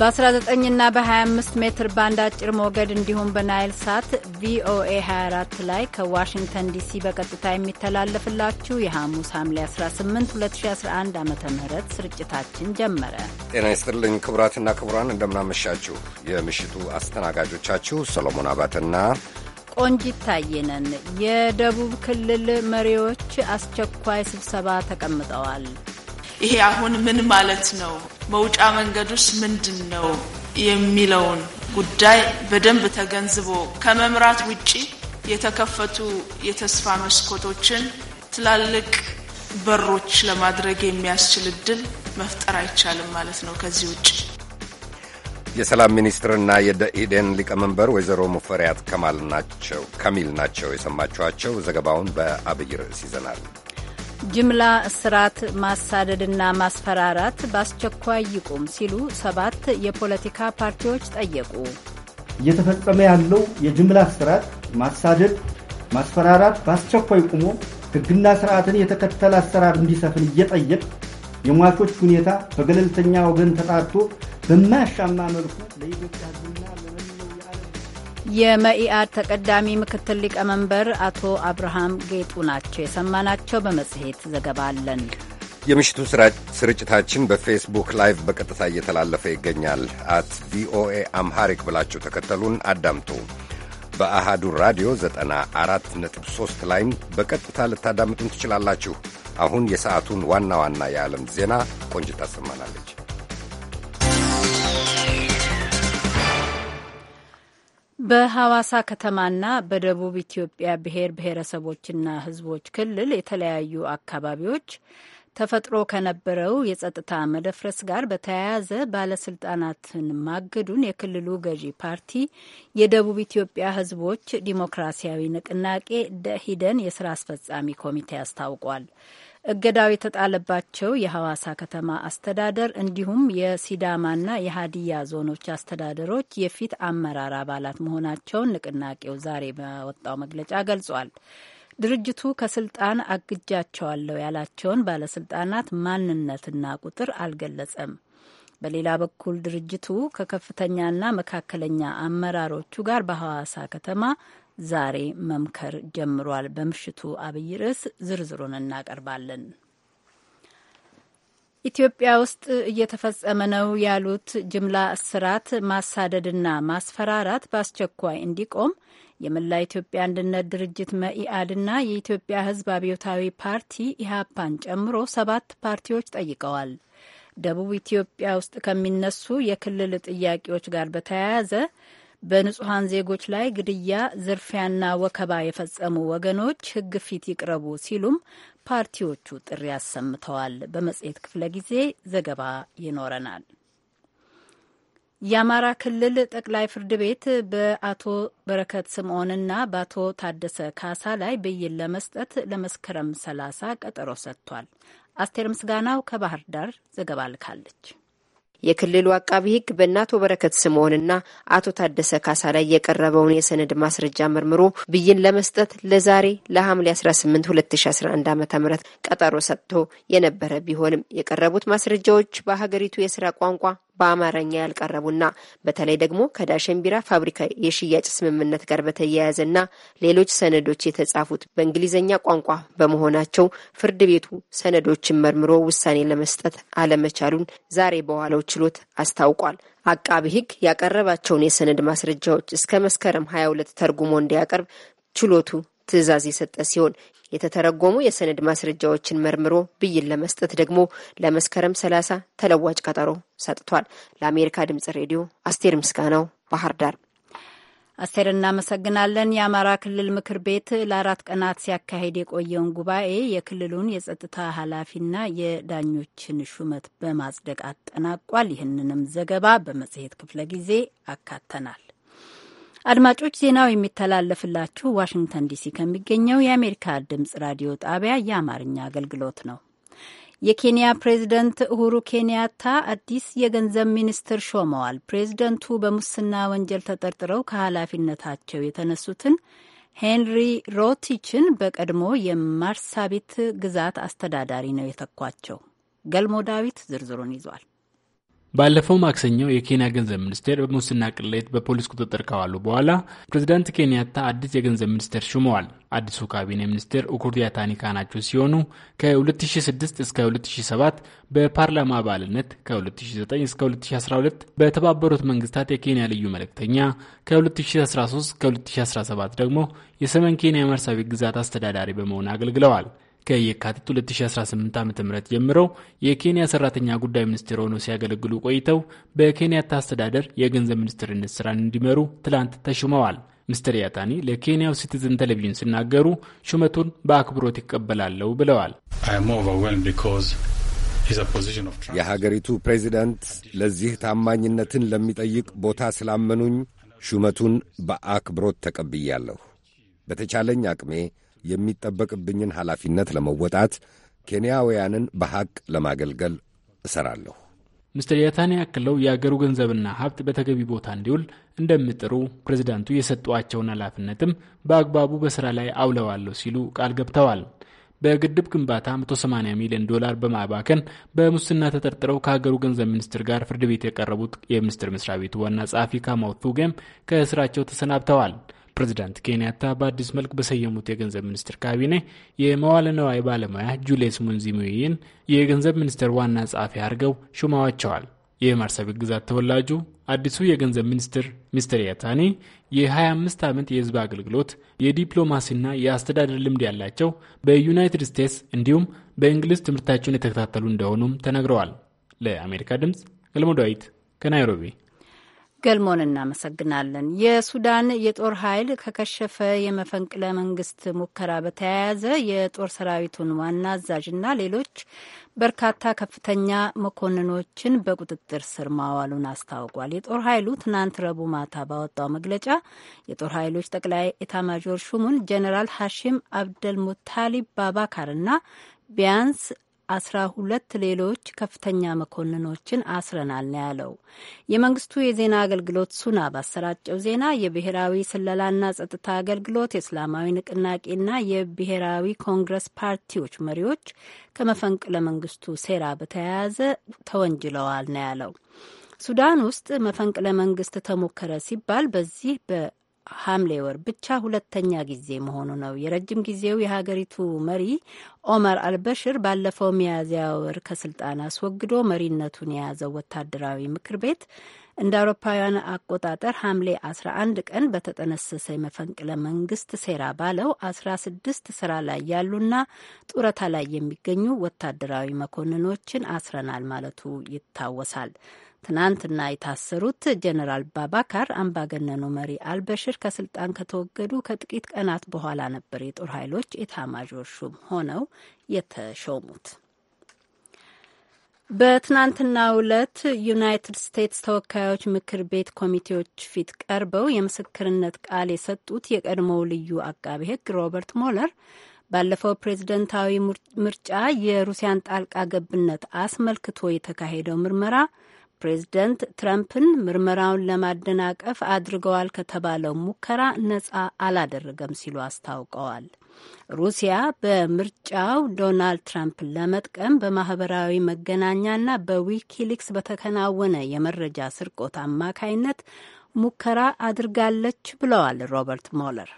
በ19ና በ25 ሜትር ባንድ አጭር ሞገድ እንዲሁም በናይል ሳት ቪኦኤ 24 ላይ ከዋሽንግተን ዲሲ በቀጥታ የሚተላለፍላችሁ የሐሙስ ሐምሌ 18 2011 ዓ ም ስርጭታችን ጀመረ። ጤና ይስጥልኝ ክቡራትና ክቡራን፣ እንደምናመሻችሁ። የምሽቱ አስተናጋጆቻችሁ ሰሎሞን አባትና ቆንጂት ታየነን። የደቡብ ክልል መሪዎች አስቸኳይ ስብሰባ ተቀምጠዋል። ይሄ አሁን ምን ማለት ነው? መውጫ መንገዱስ ምንድን ነው የሚለውን ጉዳይ በደንብ ተገንዝቦ ከመምራት ውጪ የተከፈቱ የተስፋ መስኮቶችን ትላልቅ በሮች ለማድረግ የሚያስችል እድል መፍጠር አይቻልም ማለት ነው ከዚህ ውጭ። የሰላም ሚኒስትርና የደኢዴን ሊቀመንበር ወይዘሮ ሙፈሪያት ከማል ናቸው ከሚል ናቸው የሰማችኋቸው። ዘገባውን በአብይ ርዕስ ይዘናል። ጅምላ እስራት ማሳደድና ማስፈራራት በአስቸኳይ ይቁም ሲሉ ሰባት የፖለቲካ ፓርቲዎች ጠየቁ። እየተፈጸመ ያለው የጅምላ እስራት፣ ማሳደድ፣ ማስፈራራት በአስቸኳይ ቁሞ ሕግና ስርዓትን የተከተለ አሰራር እንዲሰፍን እየጠየቅ የሟቾች ሁኔታ በገለልተኛ ወገን ተጣርቶ በማያሻማ መልኩ ለኢትዮጵያ የመኢአድ ተቀዳሚ ምክትል ሊቀመንበር አቶ አብርሃም ጌጡ ናቸው የሰማናቸው። በመጽሔት ዘገባ አለን። የምሽቱ ስርጭታችን በፌስቡክ ላይቭ በቀጥታ እየተላለፈ ይገኛል። አት ቪኦኤ አምሃሪክ ብላችሁ ተከተሉን አዳምጡ። በአሃዱ ራዲዮ 94.3 ላይም በቀጥታ ልታዳምጡን ትችላላችሁ። አሁን የሰዓቱን ዋና ዋና የዓለም ዜና ቆንጅት ታሰማናለች። በሐዋሳ ከተማና በደቡብ ኢትዮጵያ ብሔር ብሔረሰቦችና ሕዝቦች ክልል የተለያዩ አካባቢዎች ተፈጥሮ ከነበረው የጸጥታ መደፍረስ ጋር በተያያዘ ባለስልጣናትን ማገዱን የክልሉ ገዢ ፓርቲ የደቡብ ኢትዮጵያ ህዝቦች ዲሞክራሲያዊ ንቅናቄ ደሂደን የስራ አስፈጻሚ ኮሚቴ አስታውቋል። እገዳው የተጣለባቸው የሐዋሳ ከተማ አስተዳደር እንዲሁም የሲዳማና የሀዲያ ዞኖች አስተዳደሮች የፊት አመራር አባላት መሆናቸውን ንቅናቄው ዛሬ በወጣው መግለጫ ገልጿል። ድርጅቱ ከስልጣን አግጃቸዋለሁ ያላቸውን ባለስልጣናት ማንነትና ቁጥር አልገለጸም። በሌላ በኩል ድርጅቱ ከከፍተኛና መካከለኛ አመራሮቹ ጋር በሐዋሳ ከተማ ዛሬ መምከር ጀምሯል። በምሽቱ አብይ ርዕስ ዝርዝሩን እናቀርባለን። ኢትዮጵያ ውስጥ እየተፈጸመ ነው ያሉት ጅምላ እስራት፣ ማሳደድና ማስፈራራት በአስቸኳይ እንዲቆም የመላ ኢትዮጵያ አንድነት ድርጅት መኢአድና የኢትዮጵያ ሕዝብ አብዮታዊ ፓርቲ ኢህአፓን ጨምሮ ሰባት ፓርቲዎች ጠይቀዋል። ደቡብ ኢትዮጵያ ውስጥ ከሚነሱ የክልል ጥያቄዎች ጋር በተያያዘ በንጹሐን ዜጎች ላይ ግድያ፣ ዝርፊያና ወከባ የፈጸሙ ወገኖች ሕግ ፊት ይቅረቡ ሲሉም ፓርቲዎቹ ጥሪ አሰምተዋል። በመጽሔት ክፍለ ጊዜ ዘገባ ይኖረናል። የአማራ ክልል ጠቅላይ ፍርድ ቤት በአቶ በረከት ስምዖንና በአቶ ታደሰ ካሳ ላይ ብይን ለመስጠት ለመስከረም ሰላሳ ቀጠሮ ሰጥቷል። አስቴር ምስጋናው ከባህር ዳር ዘገባ ልካለች። የክልሉ አቃቢ ሕግ በእነ አቶ በረከት ስምዖንና አቶ ታደሰ ካሳ ላይ የቀረበውን የሰነድ ማስረጃ መርምሮ ብይን ለመስጠት ለዛሬ ለሐምሌ 18 2011 ዓ ም ቀጠሮ ሰጥቶ የነበረ ቢሆንም የቀረቡት ማስረጃዎች በሀገሪቱ የስራ ቋንቋ በአማርኛ ያልቀረቡና በተለይ ደግሞ ከዳሸን ቢራ ፋብሪካ የሽያጭ ስምምነት ጋር በተያያዘና ሌሎች ሰነዶች የተጻፉት በእንግሊዝኛ ቋንቋ በመሆናቸው ፍርድ ቤቱ ሰነዶችን መርምሮ ውሳኔ ለመስጠት አለመቻሉን ዛሬ በዋለው ችሎት አስታውቋል። አቃቢ ሕግ ያቀረባቸውን የሰነድ ማስረጃዎች እስከ መስከረም 22 ተርጉሞ እንዲያቀርብ ችሎቱ ትዕዛዝ የሰጠ ሲሆን የተተረጎሙ የሰነድ ማስረጃዎችን መርምሮ ብይን ለመስጠት ደግሞ ለመስከረም 30 ተለዋጭ ቀጠሮ ሰጥቷል። ለአሜሪካ ድምጽ ሬዲዮ አስቴር ምስጋናው ባህር ዳር። አስቴር እናመሰግናለን። የአማራ ክልል ምክር ቤት ለአራት ቀናት ሲያካሂድ የቆየውን ጉባኤ የክልሉን የጸጥታ ኃላፊና የዳኞችን ሹመት በማጽደቅ አጠናቋል። ይህንንም ዘገባ በመጽሔት ክፍለ ጊዜ አካተናል። አድማጮች ዜናው የሚተላለፍላችሁ ዋሽንግተን ዲሲ ከሚገኘው የአሜሪካ ድምጽ ራዲዮ ጣቢያ የአማርኛ አገልግሎት ነው። የኬንያ ፕሬዝደንት እሁሩ ኬንያታ አዲስ የገንዘብ ሚኒስትር ሾመዋል። ፕሬዝደንቱ በሙስና ወንጀል ተጠርጥረው ከኃላፊነታቸው የተነሱትን ሄንሪ ሮቲችን በቀድሞ የማርሳቢት ግዛት አስተዳዳሪ ነው የተኳቸው። ገልሞ ዳዊት ዝርዝሩን ይዟል። ባለፈው ማክሰኞ የኬንያ ገንዘብ ሚኒስቴር በሙስና ቅሌት በፖሊስ ቁጥጥር ከዋሉ በኋላ ፕሬዚዳንት ኬንያታ አዲስ የገንዘብ ሚኒስቴር ሹመዋል። አዲሱ ካቢኔ ሚኒስቴር ኡኩሩ ያታኒካ ናቸው ሲሆኑ ከ2006 እስከ 2007 በፓርላማ አባልነት፣ ከ2009 እስከ 2012 በተባበሩት መንግስታት የኬንያ ልዩ መልእክተኛ፣ ከ2013 እስከ 2017 ደግሞ የሰሜን ኬንያ መርሳዊ ግዛት አስተዳዳሪ በመሆን አገልግለዋል። ከየካቲት 2018 ዓ ም ጀምረው የኬንያ ሰራተኛ ጉዳይ ሚኒስትር ሆነው ሲያገለግሉ ቆይተው በኬንያታ አስተዳደር የገንዘብ ሚኒስትርነት ስራን እንዲመሩ ትላንት ተሹመዋል። ሚስተር ያታኒ ለኬንያው ሲቲዝን ቴሌቪዥን ሲናገሩ ሹመቱን በአክብሮት ይቀበላለሁ ብለዋል። የሀገሪቱ ፕሬዚዳንት ለዚህ ታማኝነትን ለሚጠይቅ ቦታ ስላመኑኝ ሹመቱን በአክብሮት ተቀብያለሁ። በተቻለኝ አቅሜ የሚጠበቅብኝን ኃላፊነት ለመወጣት ኬንያውያንን በሐቅ ለማገልገል እሰራለሁ። ምስትር ያታኒ ያክለው የአገሩ ገንዘብና ሀብት በተገቢ ቦታ እንዲውል እንደሚጥሩ ፕሬዚዳንቱ የሰጧቸውን ኃላፊነትም በአግባቡ በስራ ላይ አውለዋለሁ ሲሉ ቃል ገብተዋል። በግድብ ግንባታ 180 ሚሊዮን ዶላር በማባከን በሙስና ተጠርጥረው ከሀገሩ ገንዘብ ሚኒስትር ጋር ፍርድ ቤት የቀረቡት የሚኒስትር መስሪያ ቤቱ ዋና ጸሐፊ ካማውቱ ጌም ከስራቸው ተሰናብተዋል። ፕሬዚዳንት ኬንያታ በአዲስ መልክ በሰየሙት የገንዘብ ሚኒስትር ካቢኔ የመዋለ ነዋይ ባለሙያ ጁሌስ ሙንዚሙይን የገንዘብ ሚኒስቴር ዋና ጸሐፊ አድርገው ሹመዋቸዋል። የማርሰቢክ ግዛት ተወላጁ አዲሱ የገንዘብ ሚኒስትር ሚስተር ያታኒ የ25 ዓመት የህዝብ አገልግሎት የዲፕሎማሲና የአስተዳደር ልምድ ያላቸው በዩናይትድ ስቴትስ እንዲሁም በእንግሊዝ ትምህርታቸውን የተከታተሉ እንደሆኑም ተነግረዋል። ለአሜሪካ ድምፅ ገልሞ ከናይሮቢ ገልሞን እናመሰግናለን። የሱዳን የጦር ኃይል ከከሸፈ የመፈንቅለ መንግስት ሙከራ በተያያዘ የጦር ሰራዊቱን ዋና አዛዥና ሌሎች በርካታ ከፍተኛ መኮንኖችን በቁጥጥር ስር ማዋሉን አስታውቋል። የጦር ኃይሉ ትናንት ረቡዕ ማታ ባወጣው መግለጫ የጦር ኃይሎች ጠቅላይ ኤታማዦር ሹሙን ጀኔራል ሐሺም አብደልሙታሊብ ባባካርና ቢያንስ አስራ ሁለት ሌሎች ከፍተኛ መኮንኖችን አስረናል ነው ያለው። የመንግስቱ የዜና አገልግሎት ሱና ባሰራጨው ዜና የብሔራዊ ስለላና ጸጥታ አገልግሎት የእስላማዊ ንቅናቄና የብሔራዊ ኮንግረስ ፓርቲዎች መሪዎች ከመፈንቅለ መንግስቱ ሴራ በተያያዘ ተወንጅለዋል ነው ያለው። ሱዳን ውስጥ መፈንቅለ መንግስት ተሞከረ ሲባል በዚህ ሐምሌ ወር ብቻ ሁለተኛ ጊዜ መሆኑ ነው። የረጅም ጊዜው የሀገሪቱ መሪ ኦመር አልበሽር ባለፈው ሚያዝያ ወር ከስልጣን አስወግዶ መሪነቱን የያዘው ወታደራዊ ምክር ቤት እንደ አውሮፓውያን አቆጣጠር ሐምሌ 11 ቀን በተጠነሰሰ የመፈንቅለ መንግስት ሴራ ባለው 16 ስራ ላይ ያሉና ጡረታ ላይ የሚገኙ ወታደራዊ መኮንኖችን አስረናል ማለቱ ይታወሳል። ትናንትና የታሰሩት ጀነራል ባባካር አምባገነኑ መሪ አልበሽር ከስልጣን ከተወገዱ ከጥቂት ቀናት በኋላ ነበር የጦር ኃይሎች ኤታማዦር ሹም ሆነው የተሾሙት። በትናንትናው ዕለት ዩናይትድ ስቴትስ ተወካዮች ምክር ቤት ኮሚቴዎች ፊት ቀርበው የምስክርነት ቃል የሰጡት የቀድሞው ልዩ አቃቤ ሕግ ሮበርት ሞለር ባለፈው ፕሬዝደንታዊ ምርጫ የሩሲያን ጣልቃ ገብነት አስመልክቶ የተካሄደው ምርመራ ፕሬዝደንት ትረምፕን ምርመራውን ለማደናቀፍ አድርገዋል ከተባለው ሙከራ ነጻ አላደረገም ሲሉ አስታውቀዋል። ሩሲያ በምርጫው ዶናልድ ትራምፕን ለመጥቀም በማህበራዊ መገናኛና በዊኪሊክስ በተከናወነ የመረጃ ስርቆት አማካይነት ሙከራ አድርጋለች ብለዋል ሮበርት ሞለር።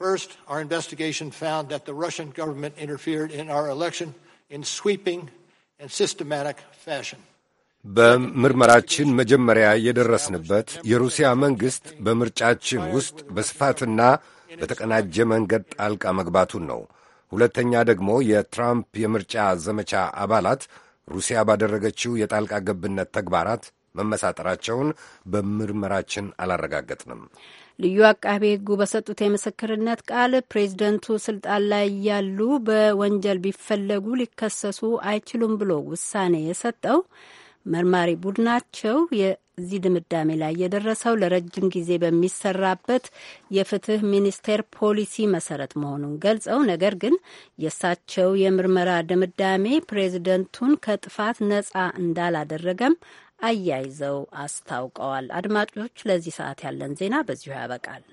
First, our investigation found that the Russian government interfered in our election in sweeping and systematic fashion. በምርመራችን መጀመሪያ የደረስንበት የሩሲያ መንግሥት በምርጫችን ውስጥ በስፋትና በተቀናጀ መንገድ ጣልቃ መግባቱን ነው። ሁለተኛ ደግሞ የትራምፕ የምርጫ ዘመቻ አባላት ሩሲያ ባደረገችው የጣልቃ ገብነት ተግባራት መመሳጠራቸውን በምርመራችን አላረጋገጥንም። ልዩ አቃቤ ሕጉ በሰጡት የምስክርነት ቃል ፕሬዚደንቱ ስልጣን ላይ ያሉ በወንጀል ቢፈለጉ ሊከሰሱ አይችሉም ብሎ ውሳኔ የሰጠው መርማሪ ቡድናቸው የዚህ ድምዳሜ ላይ የደረሰው ለረጅም ጊዜ በሚሰራበት የፍትህ ሚኒስቴር ፖሊሲ መሰረት መሆኑን ገልጸው፣ ነገር ግን የእሳቸው የምርመራ ድምዳሜ ፕሬዚደንቱን ከጥፋት ነጻ እንዳላደረገም አያይዘው አስታውቀዋል። አድማጮች፣ ለዚህ ሰዓት ያለን ዜና በዚሁ ያበቃል።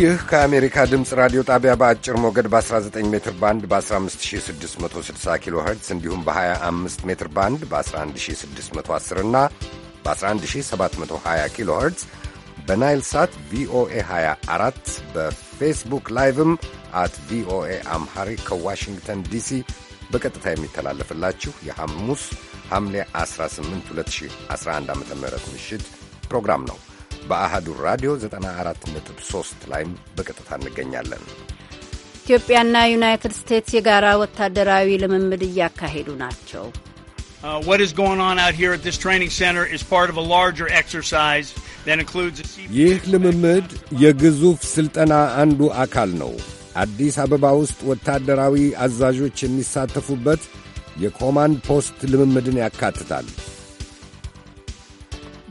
ይህ ከአሜሪካ ድምፅ ራዲዮ ጣቢያ በአጭር ሞገድ በ19 ሜትር ባንድ በ15660 ኪሎ ኸርትዝ እንዲሁም በ25 ሜትር ባንድ በ11610 እና በ11720 ኪሎ ኸርትዝ በናይል ሳት ቪኦኤ 24 በፌስቡክ ላይቭም አት ቪኦኤ አምሃሪክ ከዋሽንግተን ዲሲ በቀጥታ የሚተላለፍላችሁ የሐሙስ ሐምሌ 18 2011 ዓ ም ምሽት ፕሮግራም ነው። በአህዱ ራዲዮ 94.3 ላይም በቀጥታ እንገኛለን። ኢትዮጵያና ዩናይትድ ስቴትስ የጋራ ወታደራዊ ልምምድ እያካሄዱ ናቸው። uh, What is going on out here at this training center is part of a larger exercise ይህ ልምምድ የግዙፍ ሥልጠና አንዱ አካል ነው። አዲስ አበባ ውስጥ ወታደራዊ አዛዦች የሚሳተፉበት የኮማንድ ፖስት ልምምድን ያካትታል።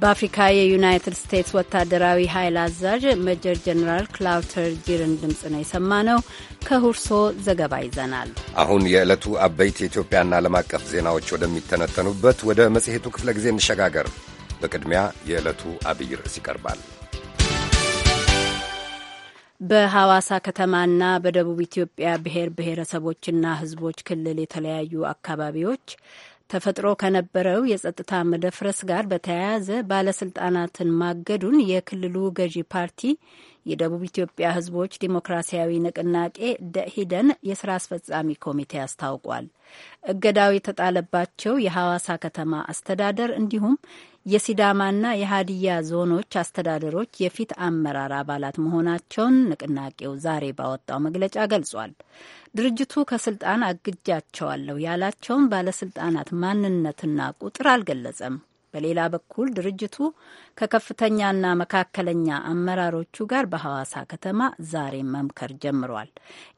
በአፍሪካ የዩናይትድ ስቴትስ ወታደራዊ ኃይል አዛዥ መጀር ጀኔራል ክላውተር ጂርን ድምፅ ነው የሰማነው። ከሁርሶ ዘገባ ይዘናል። አሁን የዕለቱ አበይት የኢትዮጵያና ዓለም አቀፍ ዜናዎች ወደሚተነተኑበት ወደ መጽሔቱ ክፍለ ጊዜ እንሸጋገር። በቅድሚያ የዕለቱ አብይ ርዕስ ይቀርባል። በሐዋሳ ከተማና በደቡብ ኢትዮጵያ ብሔር ብሔረሰቦችና ሕዝቦች ክልል የተለያዩ አካባቢዎች ተፈጥሮ ከነበረው የጸጥታ መደፍረስ ጋር በተያያዘ ባለስልጣናትን ማገዱን የክልሉ ገዢ ፓርቲ የደቡብ ኢትዮጵያ ህዝቦች ዲሞክራሲያዊ ንቅናቄ ደኢህዴን የስራ አስፈጻሚ ኮሚቴ አስታውቋል። እገዳው የተጣለባቸው የሐዋሳ ከተማ አስተዳደር እንዲሁም የሲዳማና የሀዲያ ዞኖች አስተዳደሮች የፊት አመራር አባላት መሆናቸውን ንቅናቄው ዛሬ ባወጣው መግለጫ ገልጿል። ድርጅቱ ከስልጣን አግጃቸዋለሁ ያላቸውን ባለስልጣናት ማንነትና ቁጥር አልገለጸም። በሌላ በኩል ድርጅቱ ከከፍተኛና መካከለኛ አመራሮቹ ጋር በሐዋሳ ከተማ ዛሬ መምከር ጀምሯል።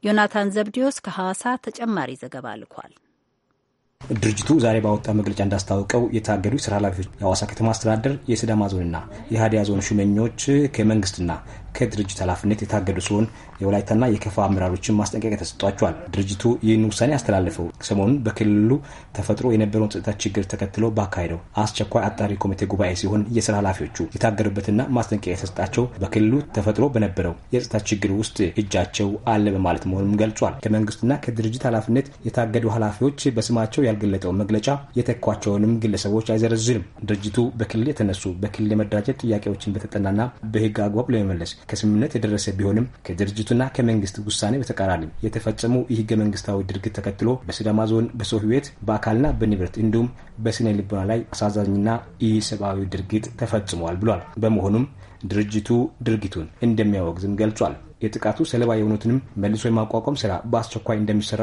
ዮናታን ዘብዲዮስ ከሐዋሳ ተጨማሪ ዘገባ ልኳል። ድርጅቱ ዛሬ ባወጣ መግለጫ እንዳስታወቀው የታገዱ የስራ ኃላፊዎች የአዋሳ ከተማ አስተዳደር፣ የስዳማ ዞንና የሀዲያ ዞን ሹመኞች ከመንግስትና ከድርጅት ኃላፊነት የታገዱ ሲሆን የወላይታና የከፋ አመራሮችን ማስጠንቀቂያ ተሰጥቷቸዋል። ድርጅቱ ይህን ውሳኔ ያስተላለፈው ሰሞኑን በክልሉ ተፈጥሮ የነበረውን ጸጥታ ችግር ተከትሎ ባካሄደው አስቸኳይ አጣሪ ኮሚቴ ጉባኤ ሲሆን የስራ ኃላፊዎቹ የታገዱበትና ማስጠንቀቂያ የተሰጣቸው በክልሉ ተፈጥሮ በነበረው የጸጥታ ችግር ውስጥ እጃቸው አለ በማለት መሆኑን ገልጿል። ከመንግስትና ከድርጅት ኃላፊነት የታገዱ ኃላፊዎች በስማቸው ያልገለጠው መግለጫ የተኳቸውንም ግለሰቦች አይዘረዝርም። ድርጅቱ በክልል የተነሱ በክልል የመደራጀት ጥያቄዎችን በተጠናና በህግ አግባብ ለመመለስ ከስምምነት የደረሰ ቢሆንም ከድርጅቱና ከመንግስት ውሳኔ በተቃራኒ የተፈጸመው ይህ ህገ መንግስታዊ ድርጊት ተከትሎ በሲዳማ ዞን በሰው ህይወት በአካልና በንብረት እንዲሁም በስነ ልቦና ላይ አሳዛኝና ይህ ሰብአዊ ድርጊት ተፈጽሟል ብሏል። በመሆኑም ድርጅቱ ድርጊቱን እንደሚያወግዝም ገልጿል። የጥቃቱ ሰለባ የሆኑትንም መልሶ የማቋቋም ስራ በአስቸኳይ እንደሚሰራ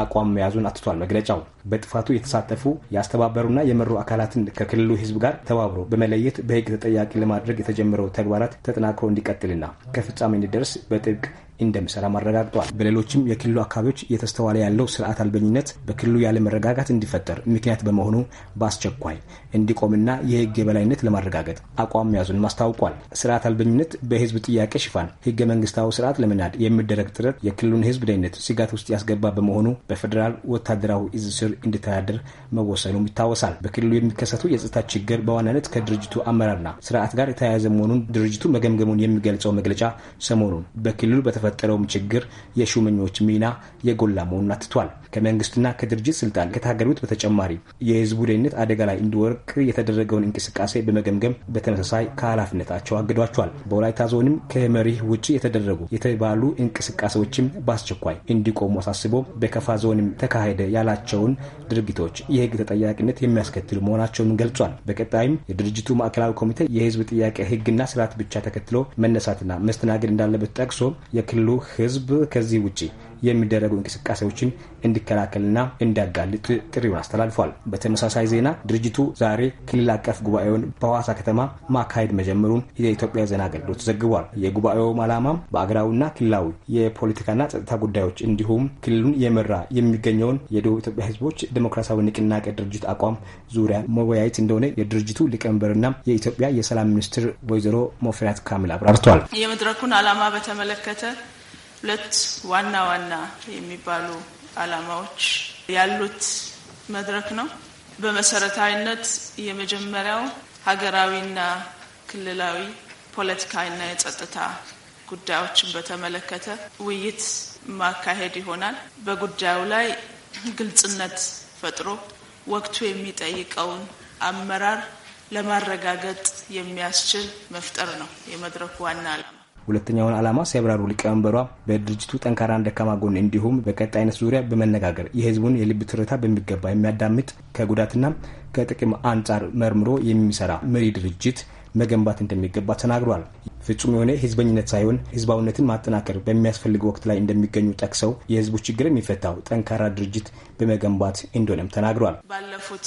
አቋም መያዙን አትቷል መግለጫው። በጥፋቱ የተሳተፉ ያስተባበሩና የመሩ አካላትን ከክልሉ ሕዝብ ጋር ተባብሮ በመለየት በሕግ ተጠያቂ ለማድረግ የተጀመረው ተግባራት ተጠናክሮ እንዲቀጥልና ከፍጻሜ እንዲደርስ በጥብቅ እንደሚሰራ አረጋግጧል። በሌሎችም የክልሉ አካባቢዎች እየተስተዋለ ያለው ስርዓት አልበኝነት በክልሉ ያለመረጋጋት እንዲፈጠር ምክንያት በመሆኑ በአስቸኳይ እንዲቆምና የህግ የበላይነት ለማረጋገጥ አቋም መያዙንም አስታውቋል። ስርዓት አልበኝነት በህዝብ ጥያቄ ሽፋን ህገ መንግስታዊ ስርዓት ለመናድ የሚደረግ ጥረት የክልሉን ህዝብ ደህንነት ስጋት ውስጥ ያስገባ በመሆኑ በፌዴራል ወታደራዊ እዝ ስር እንዲተዳደር መወሰኑም ይታወሳል። በክልሉ የሚከሰቱ የጸጥታ ችግር በዋናነት ከድርጅቱ አመራርና ስርዓት ጋር የተያያዘ መሆኑን ድርጅቱ መገምገሙን የሚገልጸው መግለጫ ሰሞኑን በክልሉ በተፈ በተፈጠረውም ችግር የሹመኞች ሚና የጎላ መሆኑን አትቷል። ከመንግስትና ከድርጅት ስልጣን ከታገዱት በተጨማሪ የህዝቡ ደህንነት አደጋ ላይ እንዲወርቅ የተደረገውን እንቅስቃሴ በመገምገም በተመሳሳይ ከኃላፊነታቸው አግዷቸዋል። በወላይታ ዞንም ከመሪህ ውጭ የተደረጉ የተባሉ እንቅስቃሴዎችም በአስቸኳይ እንዲቆሙ አሳስቦ በከፋ ዞንም ተካሄደ ያላቸውን ድርጊቶች የህግ ተጠያቂነት የሚያስከትሉ መሆናቸውን ገልጿል። በቀጣይም የድርጅቱ ማዕከላዊ ኮሚቴ የህዝብ ጥያቄ ህግና ስርዓት ብቻ ተከትሎ መነሳትና መስተናገድ እንዳለበት ጠቅሶ የክልሉ ህዝብ ከዚህ ውጭ የሚደረጉ እንቅስቃሴዎችን እንዲከላከልና እንዲያጋልጥ ጥሪውን አስተላልፏል። በተመሳሳይ ዜና ድርጅቱ ዛሬ ክልል አቀፍ ጉባኤውን በሐዋሳ ከተማ ማካሄድ መጀመሩን የኢትዮጵያ ዜና አገልግሎት ዘግቧል። የጉባኤውም ዓላማም በአገራዊና ክልላዊ የፖለቲካና ጸጥታ ጉዳዮች እንዲሁም ክልሉን የመራ የሚገኘውን የደቡብ ኢትዮጵያ ሕዝቦች ዴሞክራሲያዊ ንቅናቄ ድርጅት አቋም ዙሪያ መወያየት እንደሆነ የድርጅቱ ሊቀመንበርና የኢትዮጵያ የሰላም ሚኒስትር ወይዘሮ ሞፍሪያት ካሚል አብራርተዋል። የመድረኩን ዓላማ በተመለከተ ሁለት ዋና ዋና የሚባሉ ዓላማዎች ያሉት መድረክ ነው። በመሰረታዊነት የመጀመሪያው ሀገራዊና ክልላዊ ፖለቲካዊና የጸጥታ ጉዳዮችን በተመለከተ ውይይት ማካሄድ ይሆናል። በጉዳዩ ላይ ግልጽነት ፈጥሮ ወቅቱ የሚጠይቀውን አመራር ለማረጋገጥ የሚያስችል መፍጠር ነው የመድረኩ ዋና ዓላማ። ሁለተኛውን ዓላማ ሲያብራሩ ሊቀመንበሯ በድርጅቱ ጠንካራ ደካማ ጎን እንዲሁም በቀጣይነት ዙሪያ በመነጋገር የህዝቡን የልብ ትርታ በሚገባ የሚያዳምጥ ከጉዳትና ከጥቅም አንጻር መርምሮ የሚሰራ መሪ ድርጅት መገንባት እንደሚገባ ተናግሯል። ፍጹም የሆነ ህዝበኝነት ሳይሆን ህዝባዊነትን ማጠናከር በሚያስፈልግ ወቅት ላይ እንደሚገኙ ጠቅሰው የህዝቡ ችግር የሚፈታው ጠንካራ ድርጅት በመገንባት እንደሆነም ተናግሯል። ባለፉት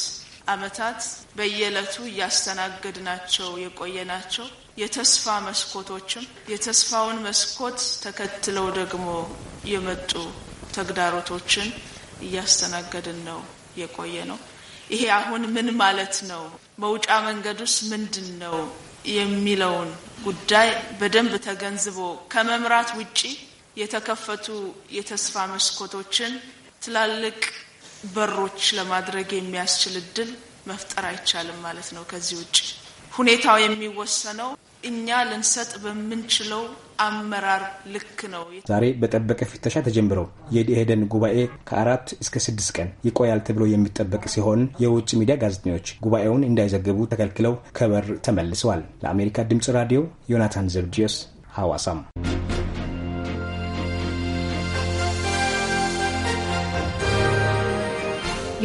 አመታት በየዕለቱ እያስተናገድናቸው የቆየናቸው የተስፋ መስኮቶችም የተስፋውን መስኮት ተከትለው ደግሞ የመጡ ተግዳሮቶችን እያስተናገድን ነው የቆየ ነው። ይሄ አሁን ምን ማለት ነው፣ መውጫ መንገዱስ ምንድን ነው የሚለውን ጉዳይ በደንብ ተገንዝቦ ከመምራት ውጪ የተከፈቱ የተስፋ መስኮቶችን ትላልቅ በሮች ለማድረግ የሚያስችል እድል መፍጠር አይቻልም ማለት ነው። ከዚህ ውጭ ሁኔታው የሚወሰነው እኛ ልንሰጥ በምንችለው አመራር ልክ ነው። ዛሬ በጠበቀ ፍተሻ ተጀምረው የዲሄደን ጉባኤ ከአራት እስከ ስድስት ቀን ይቆያል ተብሎ የሚጠበቅ ሲሆን የውጭ ሚዲያ ጋዜጠኞች ጉባኤውን እንዳይዘግቡ ተከልክለው ከበር ተመልሰዋል። ለአሜሪካ ድምጽ ራዲዮ ዮናታን ዘብዲዮስ ሐዋሳም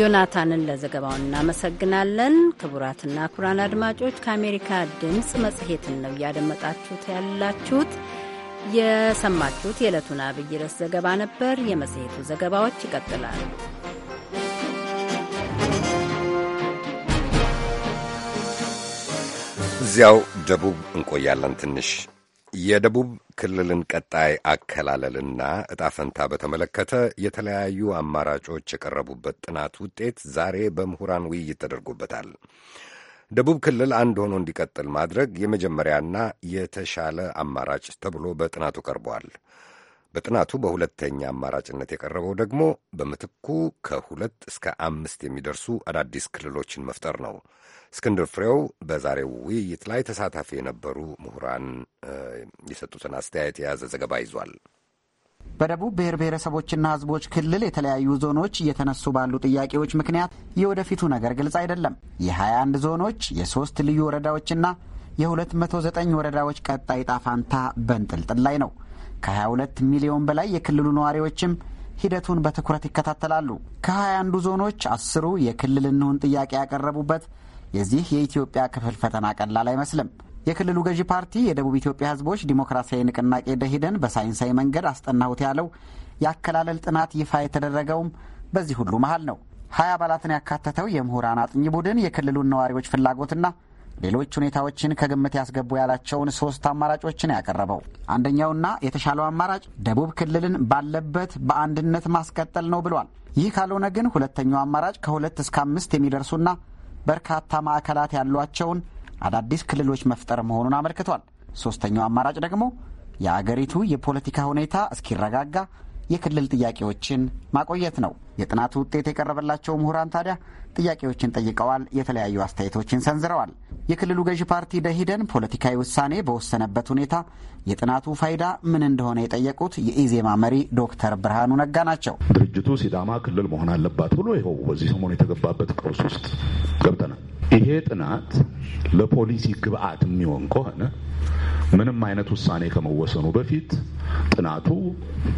ዮናታንን ለዘገባው እናመሰግናለን። ክቡራትና ክቡራን አድማጮች ከአሜሪካ ድምፅ መጽሔትን ነው እያደመጣችሁት ያላችሁት። የሰማችሁት የዕለቱን አብይ ርዕስ ዘገባ ነበር። የመጽሔቱ ዘገባዎች ይቀጥላሉ። እዚያው ደቡብ እንቆያለን ትንሽ የደቡብ ክልልን ቀጣይ አከላለልና እጣ ፈንታ በተመለከተ የተለያዩ አማራጮች የቀረቡበት ጥናት ውጤት ዛሬ በምሁራን ውይይት ተደርጎበታል። ደቡብ ክልል አንድ ሆኖ እንዲቀጥል ማድረግ የመጀመሪያና የተሻለ አማራጭ ተብሎ በጥናቱ ቀርቧል። በጥናቱ በሁለተኛ አማራጭነት የቀረበው ደግሞ በምትኩ ከሁለት እስከ አምስት የሚደርሱ አዳዲስ ክልሎችን መፍጠር ነው። እስክንድር ፍሬው በዛሬው ውይይት ላይ ተሳታፊ የነበሩ ምሁራን የሰጡትን አስተያየት የያዘ ዘገባ ይዟል። በደቡብ ብሔር ብሔረሰቦችና ሕዝቦች ክልል የተለያዩ ዞኖች እየተነሱ ባሉ ጥያቄዎች ምክንያት የወደፊቱ ነገር ግልጽ አይደለም። የ21 ዞኖች የሶስት ልዩ ወረዳዎችና የ209 ወረዳዎች ቀጣይ ጣፋንታ በንጥልጥል ላይ ነው። ከ22 ሚሊዮን በላይ የክልሉ ነዋሪዎችም ሂደቱን በትኩረት ይከታተላሉ። ከ21 ዞኖች አስሩ የክልል እንሁን ጥያቄ ያቀረቡበት የዚህ የኢትዮጵያ ክፍል ፈተና ቀላል አይመስልም። የክልሉ ገዢ ፓርቲ የደቡብ ኢትዮጵያ ህዝቦች ዲሞክራሲያዊ ንቅናቄ ደሂደን በሳይንሳዊ መንገድ አስጠናሁት ያለው የአከላለል ጥናት ይፋ የተደረገውም በዚህ ሁሉ መሀል ነው። ሀያ አባላትን ያካተተው የምሁራን አጥኚ ቡድን የክልሉን ነዋሪዎች ፍላጎትና ሌሎች ሁኔታዎችን ከግምት ያስገቡ ያላቸውን ሶስት አማራጮችን ያቀረበው አንደኛውና የተሻለው አማራጭ ደቡብ ክልልን ባለበት በአንድነት ማስቀጠል ነው ብሏል። ይህ ካልሆነ ግን ሁለተኛው አማራጭ ከሁለት እስከ አምስት የሚደርሱና በርካታ ማዕከላት ያሏቸውን አዳዲስ ክልሎች መፍጠር መሆኑን አመልክቷል። ሶስተኛው አማራጭ ደግሞ የአገሪቱ የፖለቲካ ሁኔታ እስኪረጋጋ የክልል ጥያቄዎችን ማቆየት ነው። የጥናቱ ውጤት የቀረበላቸው ምሁራን ታዲያ ጥያቄዎችን ጠይቀዋል። የተለያዩ አስተያየቶችን ሰንዝረዋል። የክልሉ ገዢ ፓርቲ ደሂደን ፖለቲካዊ ውሳኔ በወሰነበት ሁኔታ የጥናቱ ፋይዳ ምን እንደሆነ የጠየቁት የኢዜማ መሪ ዶክተር ብርሃኑ ነጋ ናቸው። ድርጅቱ ሲዳማ ክልል መሆን አለባት ብሎ ይኸው በዚህ ሰሞኑ የተገባበት ቀውስ ውስጥ ገብተናል። ይሄ ጥናት ለፖሊሲ ግብዓት የሚሆን ከሆነ ምንም አይነት ውሳኔ ከመወሰኑ በፊት ጥናቱ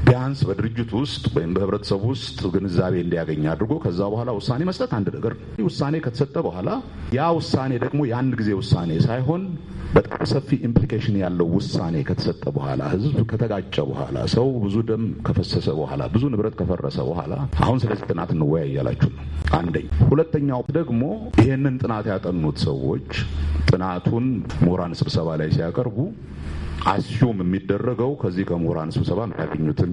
ቢያንስ በድርጅት ውስጥ ወይም በህብረተሰቡ ውስጥ ግንዛቤ እንዲያገኝ አድርጎ ከዛ በኋላ ውሳኔ መስጠት አንድ ነገር ነው። ውሳኔ ከተሰጠ በኋላ ያ ውሳኔ ደግሞ የአንድ ጊዜ ውሳኔ ሳይሆን በጣም ሰፊ ኢምፕሊኬሽን ያለው ውሳኔ ከተሰጠ በኋላ ህዝብ ከተጋጨ በኋላ ሰው ብዙ ደም ከፈሰሰ በኋላ ብዙ ንብረት ከፈረሰ በኋላ አሁን ስለዚህ ጥናት እንወያይ እያላችሁ ነው። አንደኝ። ሁለተኛው ደግሞ ይህንን ጥናት ያጠኑት ሰዎች ጥናቱን ምሁራን ስብሰባ ላይ ሲያቀርቡ አስዩም የሚደረገው ከዚህ ከምሁራን ስብሰባ የሚያገኙትን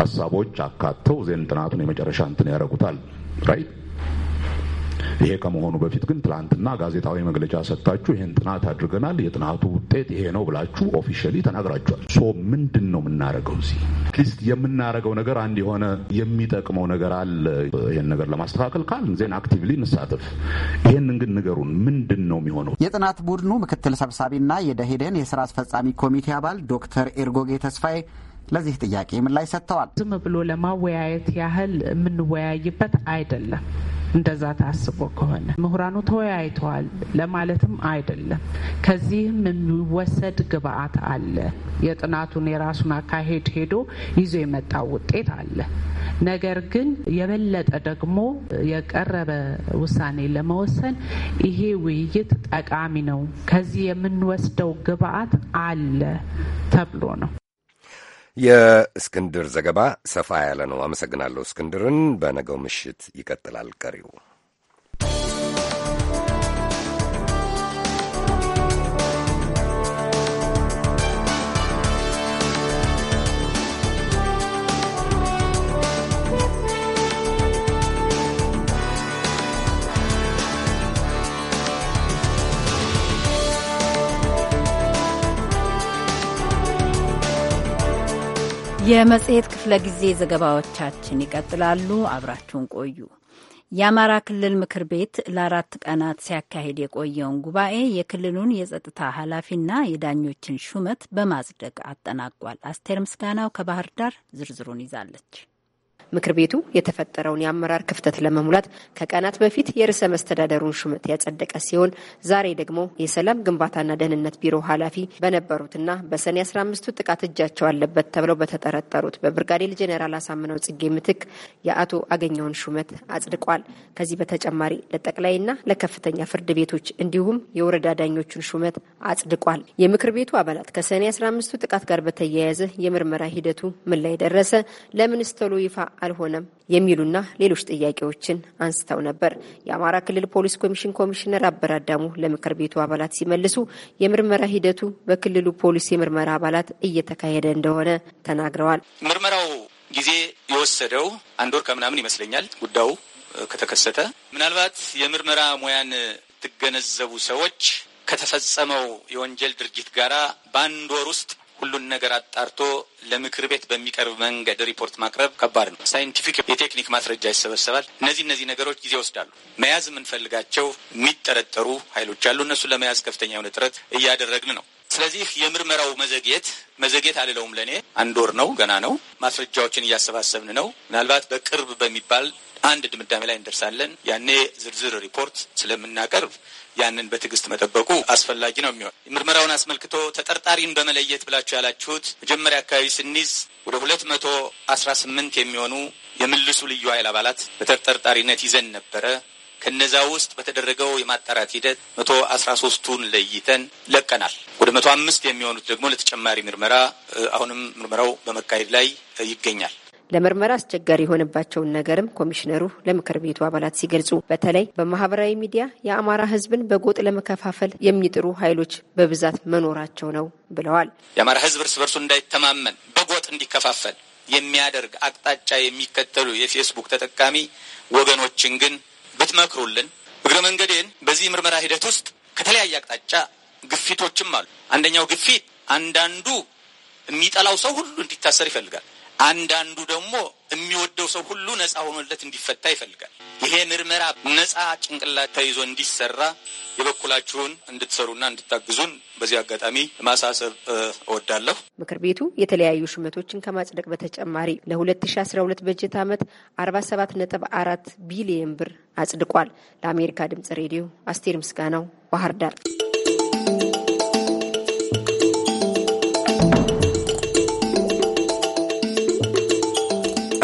ሀሳቦች አካተው ዜን ጥናቱን የመጨረሻ እንትን ያደርጉታል ራይት ይሄ ከመሆኑ በፊት ግን ትላንትና ጋዜጣዊ መግለጫ ሰጥታችሁ ይህን ጥናት አድርገናል፣ የጥናቱ ውጤት ይሄ ነው ብላችሁ ኦፊሻሊ ተናግራችኋል። ሶ ምንድን ነው የምናደርገው? እዚህ አትሊስት የምናደርገው ነገር አንድ የሆነ የሚጠቅመው ነገር አለ። ይህን ነገር ለማስተካከል ካል ዜን አክቲቭሊ እንሳተፍ። ይህንን ግን ንገሩን፣ ምንድን ነው የሚሆነው? የጥናት ቡድኑ ምክትል ሰብሳቢና የደሄደን የስራ አስፈጻሚ ኮሚቴ አባል ዶክተር ኤርጎጌ ተስፋዬ ለዚህ ጥያቄ ምላሽ ሰጥተዋል። ዝም ብሎ ለማወያየት ያህል የምንወያይበት አይደለም። እንደዛ ታስቦ ከሆነ ምሁራኑ ተወያይተዋል ለማለትም አይደለም። ከዚህም የሚወሰድ ግብአት አለ። የጥናቱን የራሱን አካሄድ ሄዶ ይዞ የመጣው ውጤት አለ። ነገር ግን የበለጠ ደግሞ የቀረበ ውሳኔ ለመወሰን ይሄ ውይይት ጠቃሚ ነው፣ ከዚህ የምንወስደው ግብአት አለ ተብሎ ነው። የእስክንድር ዘገባ ሰፋ ያለ ነው። አመሰግናለሁ እስክንድርን። በነገው ምሽት ይቀጥላል ቀሪው የመጽሔት ክፍለ ጊዜ ዘገባዎቻችን ይቀጥላሉ። አብራችሁን ቆዩ። የአማራ ክልል ምክር ቤት ለአራት ቀናት ሲያካሂድ የቆየውን ጉባኤ የክልሉን የጸጥታ ኃላፊና የዳኞችን ሹመት በማጽደቅ አጠናቋል። አስቴር ምስጋናው ከባህር ዳር ዝርዝሩን ይዛለች። ምክር ቤቱ የተፈጠረውን የአመራር ክፍተት ለመሙላት ከቀናት በፊት የርዕሰ መስተዳደሩን ሹመት ያጸደቀ ሲሆን ዛሬ ደግሞ የሰላም ግንባታና ደህንነት ቢሮ ኃላፊ በነበሩትና በሰኔ 15 ጥቃት እጃቸው አለበት ተብለው በተጠረጠሩት በብርጋዴር ጄኔራል አሳምነው ጽጌ ምትክ የአቶ አገኘውን ሹመት አጽድቋል። ከዚህ በተጨማሪ ለጠቅላይና ለከፍተኛ ፍርድ ቤቶች እንዲሁም የወረዳ ዳኞቹን ሹመት አጽድቋል። የምክር ቤቱ አባላት ከሰኔ 15 ጥቃት ጋር በተያያዘ የምርመራ ሂደቱ ምን ላይ ደረሰ? ለሚኒስትሩ ይፋ አልሆነም የሚሉና ሌሎች ጥያቄዎችን አንስተው ነበር። የአማራ ክልል ፖሊስ ኮሚሽን ኮሚሽነር አበራ አዳሙ ለምክር ቤቱ አባላት ሲመልሱ የምርመራ ሂደቱ በክልሉ ፖሊስ የምርመራ አባላት እየተካሄደ እንደሆነ ተናግረዋል። ምርመራው ጊዜ የወሰደው አንድ ወር ከምናምን ይመስለኛል ጉዳዩ ከተከሰተ። ምናልባት የምርመራ ሙያን ትገነዘቡ ሰዎች ከተፈጸመው የወንጀል ድርጊት ጋራ በአንድ ወር ውስጥ ሁሉን ነገር አጣርቶ ለምክር ቤት በሚቀርብ መንገድ ሪፖርት ማቅረብ ከባድ ነው። ሳይንቲፊክ የቴክኒክ ማስረጃ ይሰበሰባል። እነዚህ እነዚህ ነገሮች ጊዜ ይወስዳሉ። መያዝ የምንፈልጋቸው የሚጠረጠሩ ኃይሎች አሉ። እነሱን ለመያዝ ከፍተኛ የሆነ ጥረት እያደረግን ነው። ስለዚህ የምርመራው መዘግየት መዘግየት አልለውም። ለእኔ አንድ ወር ነው፣ ገና ነው። ማስረጃዎችን እያሰባሰብን ነው። ምናልባት በቅርብ በሚባል አንድ ድምዳሜ ላይ እንደርሳለን። ያኔ ዝርዝር ሪፖርት ስለምናቀርብ ያንን በትዕግስት መጠበቁ አስፈላጊ ነው የሚሆን። ምርመራውን አስመልክቶ ተጠርጣሪን በመለየት ብላችሁ ያላችሁት መጀመሪያ አካባቢ ስንይዝ ወደ ሁለት መቶ አስራ ስምንት የሚሆኑ የምልሱ ልዩ ኃይል አባላት በተጠርጣሪነት ይዘን ነበረ። ከነዛ ውስጥ በተደረገው የማጣራት ሂደት መቶ አስራ ሶስቱን ለይተን ለቀናል። ወደ መቶ አምስት የሚሆኑት ደግሞ ለተጨማሪ ምርመራ አሁንም ምርመራው በመካሄድ ላይ ይገኛል። ለምርመራ አስቸጋሪ የሆነባቸውን ነገርም ኮሚሽነሩ ለምክር ቤቱ አባላት ሲገልጹ በተለይ በማህበራዊ ሚዲያ የአማራ ህዝብን በጎጥ ለመከፋፈል የሚጥሩ ኃይሎች በብዛት መኖራቸው ነው ብለዋል። የአማራ ህዝብ እርስ በርሱ እንዳይተማመን በጎጥ እንዲከፋፈል የሚያደርግ አቅጣጫ የሚከተሉ የፌስቡክ ተጠቃሚ ወገኖችን ግን ብትመክሩልን እግረ መንገዴን በዚህ ምርመራ ሂደት ውስጥ ከተለያየ አቅጣጫ ግፊቶችም አሉ። አንደኛው ግፊት አንዳንዱ የሚጠላው ሰው ሁሉ እንዲታሰር ይፈልጋል። አንዳንዱ ደግሞ የሚወደው ሰው ሁሉ ነፃ ሆኖለት እንዲፈታ ይፈልጋል። ይሄ ምርመራ ነፃ ጭንቅላት ተይዞ እንዲሰራ የበኩላችሁን እንድትሰሩና እንድታግዙን በዚህ አጋጣሚ ማሳሰብ እወዳለሁ። ምክር ቤቱ የተለያዩ ሹመቶችን ከማጽደቅ በተጨማሪ ለ2012 በጀት ዓመት 47.4 ቢሊየን ብር አጽድቋል። ለአሜሪካ ድምጽ ሬዲዮ አስቴር ምስጋናው ባህር ዳር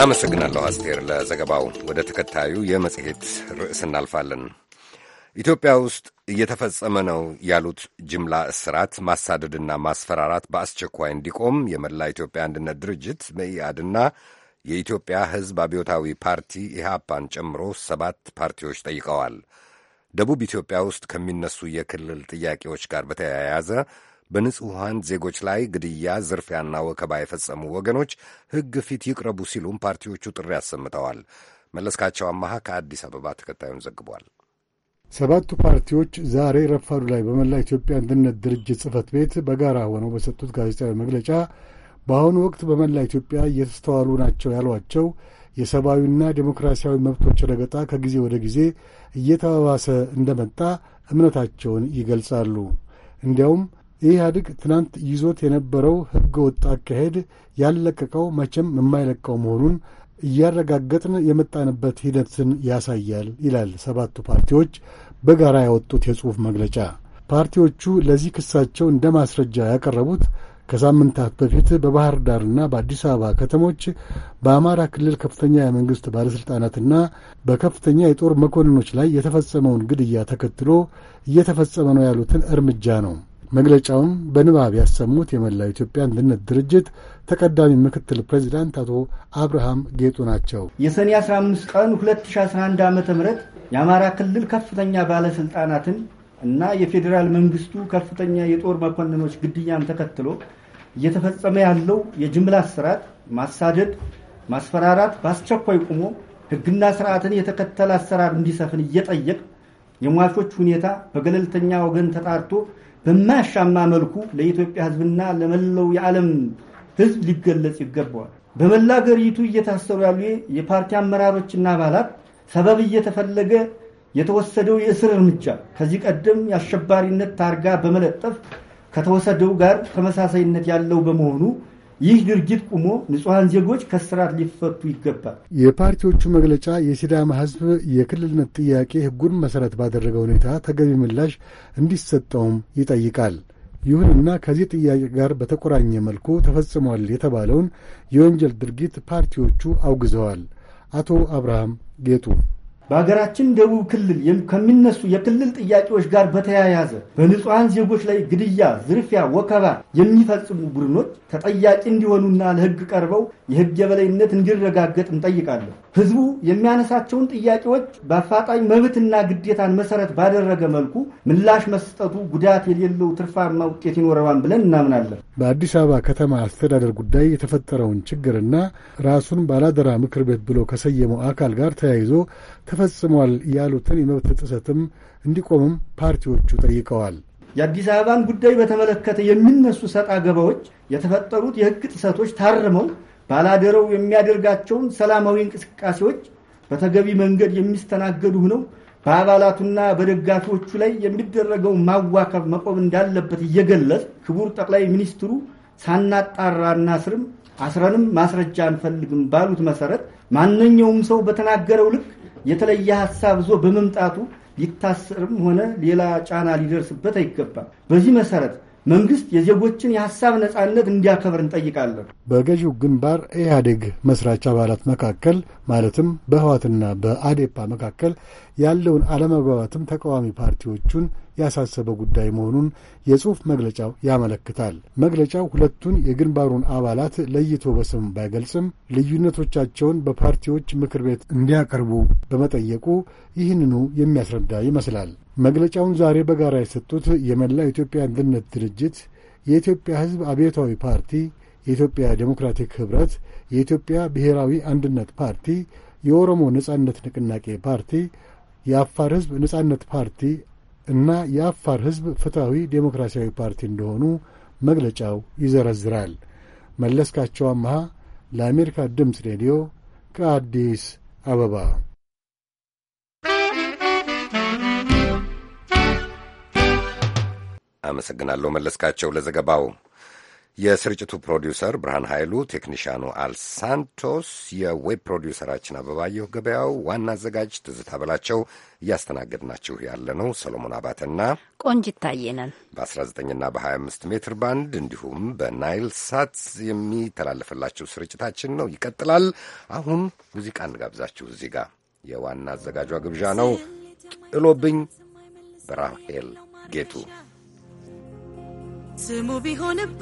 አመሰግናለሁ አስቴር ለዘገባው። ወደ ተከታዩ የመጽሔት ርዕስ እናልፋለን። ኢትዮጵያ ውስጥ እየተፈጸመ ነው ያሉት ጅምላ እስራት፣ ማሳደድና ማስፈራራት በአስቸኳይ እንዲቆም የመላ ኢትዮጵያ አንድነት ድርጅት መኢአድና የኢትዮጵያ ሕዝብ አብዮታዊ ፓርቲ ኢህአፓን ጨምሮ ሰባት ፓርቲዎች ጠይቀዋል። ደቡብ ኢትዮጵያ ውስጥ ከሚነሱ የክልል ጥያቄዎች ጋር በተያያዘ በንጹሐን ዜጎች ላይ ግድያ፣ ዝርፊያና ወከባ የፈጸሙ ወገኖች ሕግ ፊት ይቅረቡ ሲሉም ፓርቲዎቹ ጥሪ አሰምተዋል። መለስካቸው አማሃ ከአዲስ አበባ ተከታዩን ዘግቧል። ሰባቱ ፓርቲዎች ዛሬ ረፋዱ ላይ በመላ ኢትዮጵያ አንድነት ድርጅት ጽህፈት ቤት በጋራ ሆነው በሰጡት ጋዜጣዊ መግለጫ በአሁኑ ወቅት በመላ ኢትዮጵያ እየተስተዋሉ ናቸው ያሏቸው የሰብአዊና ዴሞክራሲያዊ መብቶች ረገጣ ከጊዜ ወደ ጊዜ እየተባባሰ እንደመጣ እምነታቸውን ይገልጻሉ። እንዲያውም ኢህአዴግ ትናንት ይዞት የነበረው ሕገ ወጥ አካሄድ ያለቀቀው መቼም የማይለቀው መሆኑን እያረጋገጥን የመጣንበት ሂደትን ያሳያል ይላል ሰባቱ ፓርቲዎች በጋራ ያወጡት የጽሑፍ መግለጫ። ፓርቲዎቹ ለዚህ ክሳቸው እንደ ማስረጃ ያቀረቡት ከሳምንታት በፊት በባህር ዳርና በአዲስ አበባ ከተሞች በአማራ ክልል ከፍተኛ የመንግሥት ባለሥልጣናትና በከፍተኛ የጦር መኮንኖች ላይ የተፈጸመውን ግድያ ተከትሎ እየተፈጸመ ነው ያሉትን እርምጃ ነው። መግለጫውን በንባብ ያሰሙት የመላው ኢትዮጵያ አንድነት ድርጅት ተቀዳሚ ምክትል ፕሬዚዳንት አቶ አብርሃም ጌጡ ናቸው። የሰኔ 15 ቀን 2011 ዓ ም የአማራ ክልል ከፍተኛ ባለስልጣናትን እና የፌዴራል መንግስቱ ከፍተኛ የጦር መኮንኖች ግድያን ተከትሎ እየተፈጸመ ያለው የጅምላ ስርዓት፣ ማሳደድ፣ ማስፈራራት በአስቸኳይ ቁሞ ህግና ስርዓትን የተከተለ አሰራር እንዲሰፍን እየጠየቅ የሟቾች ሁኔታ በገለልተኛ ወገን ተጣርቶ በማያሻማ መልኩ ለኢትዮጵያ ሕዝብና ለመላው የዓለም ሕዝብ ሊገለጽ ይገባዋል። በመላ አገሪቱ እየታሰሩ ያሉ የፓርቲ አመራሮችና አባላት ሰበብ እየተፈለገ የተወሰደው የእስር እርምጃ ከዚህ ቀደም የአሸባሪነት ታርጋ በመለጠፍ ከተወሰደው ጋር ተመሳሳይነት ያለው በመሆኑ ይህ ድርጊት ቁሞ ንጹሐን ዜጎች ከስርዓት ሊፈቱ ይገባል። የፓርቲዎቹ መግለጫ የሲዳማ ህዝብ የክልልነት ጥያቄ ሕጉን መሠረት ባደረገ ሁኔታ ተገቢ ምላሽ እንዲሰጠውም ይጠይቃል። ይሁንና ከዚህ ጥያቄ ጋር በተቆራኘ መልኩ ተፈጽሟል የተባለውን የወንጀል ድርጊት ፓርቲዎቹ አውግዘዋል። አቶ አብርሃም ጌጡ በሀገራችን ደቡብ ክልል ከሚነሱ የክልል ጥያቄዎች ጋር በተያያዘ በንጹሐን ዜጎች ላይ ግድያ፣ ዝርፊያ፣ ወከባ የሚፈጽሙ ቡድኖች ተጠያቂ እንዲሆኑና ለሕግ ቀርበው የሕግ የበላይነት እንዲረጋገጥ እንጠይቃለን። ሕዝቡ የሚያነሳቸውን ጥያቄዎች በአፋጣኝ መብትና ግዴታን መሰረት ባደረገ መልኩ ምላሽ መስጠቱ ጉዳት የሌለው ትርፋማ ውጤት ይኖረዋል ብለን እናምናለን። በአዲስ አበባ ከተማ አስተዳደር ጉዳይ የተፈጠረውን ችግርና ራሱን ባላደራ ምክር ቤት ብሎ ከሰየመው አካል ጋር ተያይዞ ተፈጽሟል ያሉትን የመብት ጥሰትም እንዲቆምም ፓርቲዎቹ ጠይቀዋል። የአዲስ አበባን ጉዳይ በተመለከተ የሚነሱ ሰጣ ገባዎች የተፈጠሩት የህግ ጥሰቶች ታርመው ባላደረው የሚያደርጋቸውን ሰላማዊ እንቅስቃሴዎች በተገቢ መንገድ የሚስተናገዱ ሆነው በአባላቱና በደጋፊዎቹ ላይ የሚደረገው ማዋከብ መቆም እንዳለበት እየገለጽ ክቡር ጠቅላይ ሚኒስትሩ ሳናጣራ እናስርም አስረንም ማስረጃ አንፈልግም ባሉት መሰረት ማንኛውም ሰው በተናገረው ልክ የተለየ ሀሳብ ዞ በመምጣቱ ሊታሰርም ሆነ ሌላ ጫና ሊደርስበት አይገባም። በዚህ መሰረት መንግስት የዜጎችን የሀሳብ ነጻነት እንዲያከብር እንጠይቃለን። በገዢው ግንባር ኢህአዴግ መስራች አባላት መካከል ማለትም በህዋትና በአዴፓ መካከል ያለውን አለመግባባትም ተቃዋሚ ፓርቲዎቹን ያሳሰበ ጉዳይ መሆኑን የጽሑፍ መግለጫው ያመለክታል። መግለጫው ሁለቱን የግንባሩን አባላት ለይቶ በስም ባይገልጽም ልዩነቶቻቸውን በፓርቲዎች ምክር ቤት እንዲያቀርቡ በመጠየቁ ይህንኑ የሚያስረዳ ይመስላል። መግለጫውን ዛሬ በጋራ የሰጡት የመላ ኢትዮጵያ አንድነት ድርጅት፣ የኢትዮጵያ ሕዝብ አብዮታዊ ፓርቲ፣ የኢትዮጵያ ዴሞክራቲክ ኅብረት፣ የኢትዮጵያ ብሔራዊ አንድነት ፓርቲ፣ የኦሮሞ ነጻነት ንቅናቄ ፓርቲ፣ የአፋር ሕዝብ ነጻነት ፓርቲ እና የአፋር ሕዝብ ፍትሐዊ ዴሞክራሲያዊ ፓርቲ እንደሆኑ መግለጫው ይዘረዝራል። መለስካቸው አመሃ ለአሜሪካ ድምፅ ሬዲዮ ከአዲስ አበባ። አመሰግናለሁ መለስካቸው ለዘገባው። የስርጭቱ ፕሮዲውሰር ብርሃን ኃይሉ፣ ቴክኒሽያኑ አልሳንቶስ፣ የዌብ ፕሮዲውሰራችን አበባየሁ ገበያው፣ ዋና አዘጋጅ ትዝታ በላቸው። እያስተናገድናችሁ ያለ ነው ሰሎሞን አባተና ቆንጅ ታየ በ በ19ና በ25 ሜትር ባንድ እንዲሁም በናይል ሳት የሚተላለፍላችሁ ስርጭታችን ነው ይቀጥላል። አሁን ሙዚቃ እንጋብዛችሁ። እዚህ ጋር የዋና አዘጋጇ ግብዣ ነው ጥሎብኝ በራሄል ጌቱ ስሙ ቢሆንብ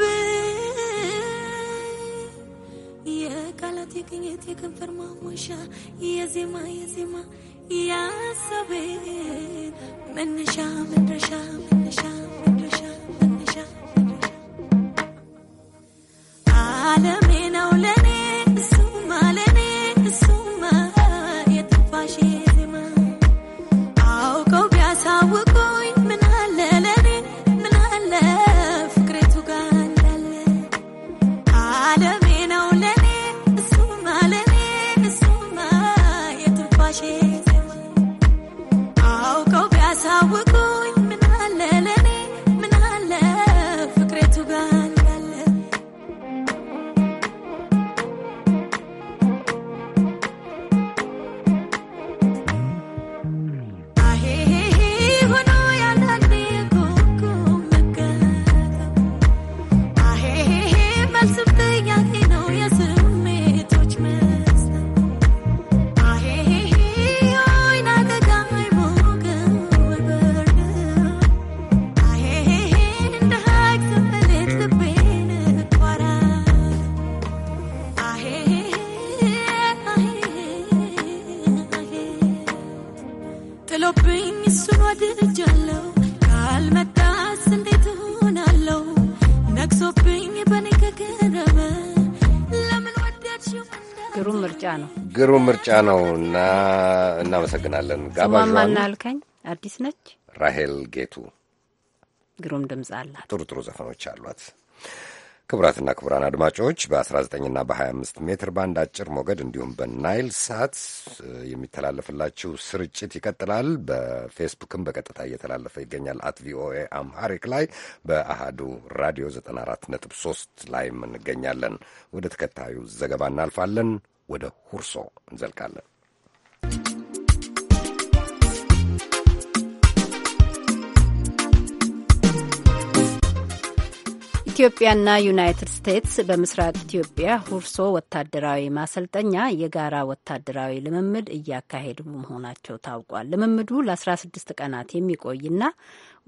የቃላት የቅኝት የከንፈር ማሞሻ የዜማ የዜማ ያሰቤን መነሻ መድረሻ መነሻ መድረሻ መነሻ መድረሻ ዓለሜ ነው ለ ግሩም ምርጫ ነው እና እናመሰግናለን። ጋባማና አዲስ ነች። ራሄል ጌቱ ግሩም ድምፅ አላት። ጥሩ ጥሩ ዘፈኖች አሏት። ክቡራትና ክቡራን አድማጮች በ19ና በ25 ሜትር ባንድ አጭር ሞገድ እንዲሁም በናይል ሳት የሚተላለፍላችሁ ስርጭት ይቀጥላል። በፌስቡክም በቀጥታ እየተላለፈ ይገኛል። አት ቪኦኤ አምሃሪክ ላይ በአሃዱ ራዲዮ 94.3 ላይም እንገኛለን። ወደ ተከታዩ ዘገባ እናልፋለን። ወደ ሁርሶ እንዘልቃለን። ኢትዮጵያና ዩናይትድ ስቴትስ በምስራቅ ኢትዮጵያ ሁርሶ ወታደራዊ ማሰልጠኛ የጋራ ወታደራዊ ልምምድ እያካሄዱ መሆናቸው ታውቋል። ልምምዱ ለ16 ቀናት የሚቆይና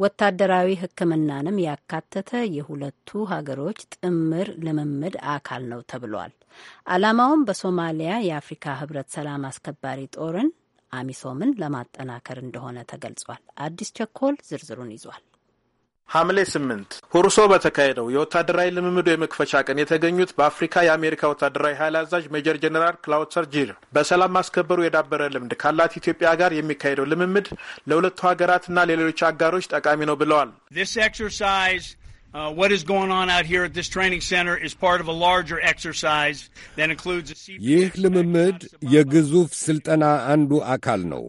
ወታደራዊ ሕክምናንም ያካተተ የሁለቱ ሀገሮች ጥምር ልምምድ አካል ነው ተብሏል። ዓላማውም በሶማሊያ የአፍሪካ ህብረት ሰላም አስከባሪ ጦርን አሚሶምን ለማጠናከር እንደሆነ ተገልጿል። አዲስ ቸኮል ዝርዝሩን ይዟል። ሐምሌ ስምንት ሁርሶ በተካሄደው የወታደራዊ ልምምዶ የመክፈቻ ቀን የተገኙት በአፍሪካ የአሜሪካ ወታደራዊ ኃይል አዛዥ ሜጀር ጀኔራል ክላውሰር ጂር በሰላም ማስከበሩ የዳበረ ልምድ ካላት ኢትዮጵያ ጋር የሚካሄደው ልምምድ ለሁለቱ ሀገራትና ለሌሎች አጋሮች ጠቃሚ ነው ብለዋል። uh, ይህ ልምምድ የግዙፍ ስልጠና አንዱ አካል ነው።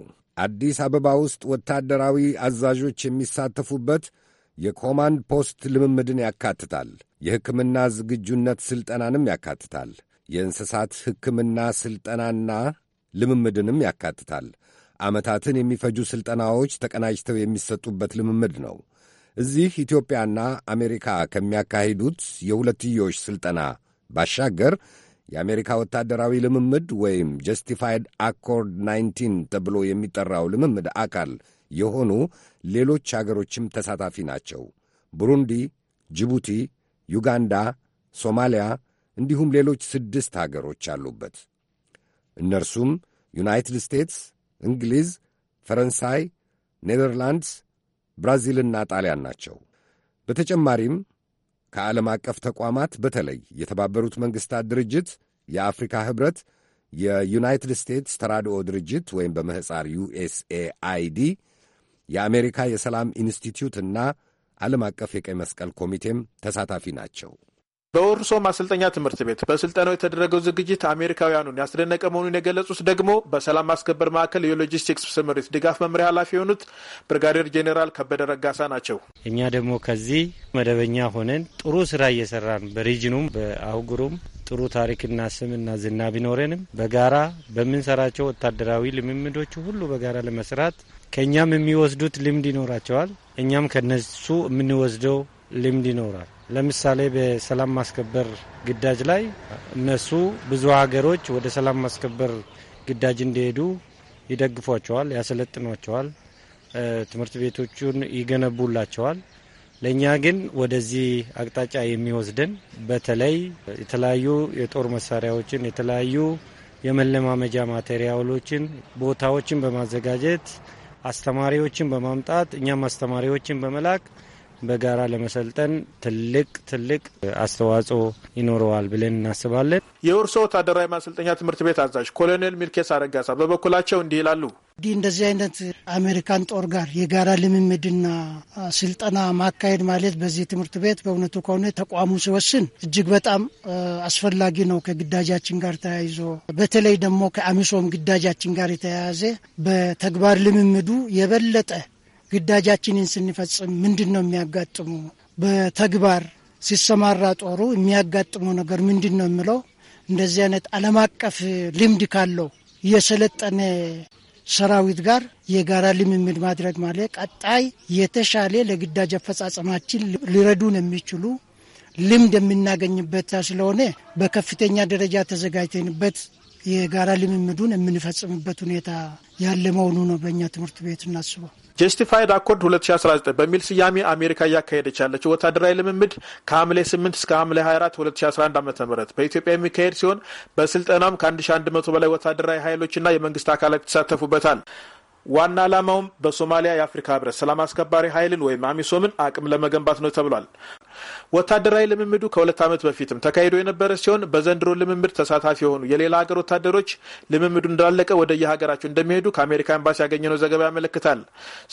አዲስ አበባ ውስጥ ወታደራዊ አዛዦች የሚሳተፉበት የኮማንድ ፖስት ልምምድን ያካትታል። የሕክምና ዝግጁነት ሥልጠናንም ያካትታል። የእንስሳት ሕክምና ሥልጠናና ልምምድንም ያካትታል። ዓመታትን የሚፈጁ ሥልጠናዎች ተቀናጅተው የሚሰጡበት ልምምድ ነው። እዚህ ኢትዮጵያና አሜሪካ ከሚያካሂዱት የሁለትዮሽ ሥልጠና ባሻገር የአሜሪካ ወታደራዊ ልምምድ ወይም ጀስቲፋይድ አኮርድ 19 ተብሎ የሚጠራው ልምምድ አካል የሆኑ ሌሎች አገሮችም ተሳታፊ ናቸው። ቡሩንዲ፣ ጅቡቲ፣ ዩጋንዳ፣ ሶማሊያ እንዲሁም ሌሎች ስድስት አገሮች አሉበት። እነርሱም ዩናይትድ ስቴትስ፣ እንግሊዝ፣ ፈረንሳይ፣ ኔዘርላንድስ፣ ብራዚልና ጣሊያን ናቸው። በተጨማሪም ከዓለም አቀፍ ተቋማት በተለይ የተባበሩት መንግሥታት ድርጅት፣ የአፍሪካ ኅብረት፣ የዩናይትድ ስቴትስ ተራድኦ ድርጅት ወይም በምሕፃር ዩኤስኤ የአሜሪካ የሰላም ኢንስቲትዩትና ዓለም አቀፍ የቀይ መስቀል ኮሚቴም ተሳታፊ ናቸው። በኦርሶ ማሰልጠኛ ትምህርት ቤት በስልጠናው የተደረገው ዝግጅት አሜሪካውያኑን ያስደነቀ መሆኑን የገለጹት ደግሞ በሰላም ማስከበር ማዕከል የሎጂስቲክስ ስምሪት ድጋፍ መምሪያ ኃላፊ የሆኑት ብርጋዴር ጄኔራል ከበደ ረጋሳ ናቸው። እኛ ደግሞ ከዚህ መደበኛ ሆነን ጥሩ ስራ እየሰራን በሪጅኑም በአህጉሩም ጥሩ ታሪክና ስምና ዝና ቢኖረንም በጋራ በምንሰራቸው ወታደራዊ ልምምዶች ሁሉ በጋራ ለመስራት ከእኛም የሚወስዱት ልምድ ይኖራቸዋል። እኛም ከነሱ የምንወስደው ልምድ ይኖራል። ለምሳሌ በሰላም ማስከበር ግዳጅ ላይ እነሱ ብዙ ሀገሮች ወደ ሰላም ማስከበር ግዳጅ እንዲሄዱ ይደግፏቸዋል፣ ያሰለጥኗቸዋል፣ ትምህርት ቤቶቹን ይገነቡላቸዋል። ለእኛ ግን ወደዚህ አቅጣጫ የሚወስድን በተለይ የተለያዩ የጦር መሳሪያዎችን የተለያዩ የመለማመጃ ማቴሪያሎችን ቦታዎችን በማዘጋጀት አስተማሪዎችን በማምጣት እኛም አስተማሪዎችን በመላክ በጋራ ለመሰልጠን ትልቅ ትልቅ አስተዋጽኦ ይኖረዋል ብለን እናስባለን። የውርሶ ወታደራዊ ማሰልጠኛ ትምህርት ቤት አዛዥ ኮሎኔል ሚልኬስ አረጋሳ በበኩላቸው እንዲህ ይላሉ። እንዲህ እንደዚህ አይነት አሜሪካን ጦር ጋር የጋራ ልምምድና ስልጠና ማካሄድ ማለት በዚህ ትምህርት ቤት በእውነቱ ከሆነ ተቋሙ ሲወስን እጅግ በጣም አስፈላጊ ነው። ከግዳጃችን ጋር ተያይዞ በተለይ ደግሞ ከአሚሶም ግዳጃችን ጋር የተያያዘ በተግባር ልምምዱ የበለጠ ግዳጃችንን ስንፈጽም ምንድን ነው የሚያጋጥሙ በተግባር ሲሰማራ ጦሩ የሚያጋጥሙ ነገር ምንድን ነው የምለው እንደዚህ አይነት ዓለም አቀፍ ልምድ ካለው የሰለጠነ ሰራዊት ጋር የጋራ ልምምድ ማድረግ ማለት ቀጣይ የተሻለ ለግዳጅ አፈጻጸማችን ሊረዱን የሚችሉ ልምድ የምናገኝበት ስለሆነ በከፍተኛ ደረጃ ተዘጋጅተንበት የጋራ ልምምዱን የምንፈጽምበት ሁኔታ ያለ መሆኑ ነው። በእኛ ትምህርት ቤት እናስበው። ጀስቲፋይድ አኮርድ 2019 በሚል ስያሜ አሜሪካ እያካሄደች ያለችው ወታደራዊ ልምምድ ከሐምሌ 8 እስከ ሐምሌ 24 2011 ዓ ም በኢትዮጵያ የሚካሄድ ሲሆን በስልጠናም ከ1100 በላይ ወታደራዊ ኃይሎችና የመንግስት አካላት ይሳተፉበታል። ዋና ዓላማውም በሶማሊያ የአፍሪካ ህብረት ሰላም አስከባሪ ኃይልን ወይም አሚሶምን አቅም ለመገንባት ነው ተብሏል። ወታደራዊ ልምምዱ ከሁለት ዓመት በፊትም ተካሂዶ የነበረ ሲሆን በዘንድሮ ልምምድ ተሳታፊ የሆኑ የሌላ ሀገር ወታደሮች ልምምዱ እንዳለቀ ወደ የሀገራቸው እንደሚሄዱ ከአሜሪካ ኤምባሲ ያገኘነው ዘገባ ያመለክታል።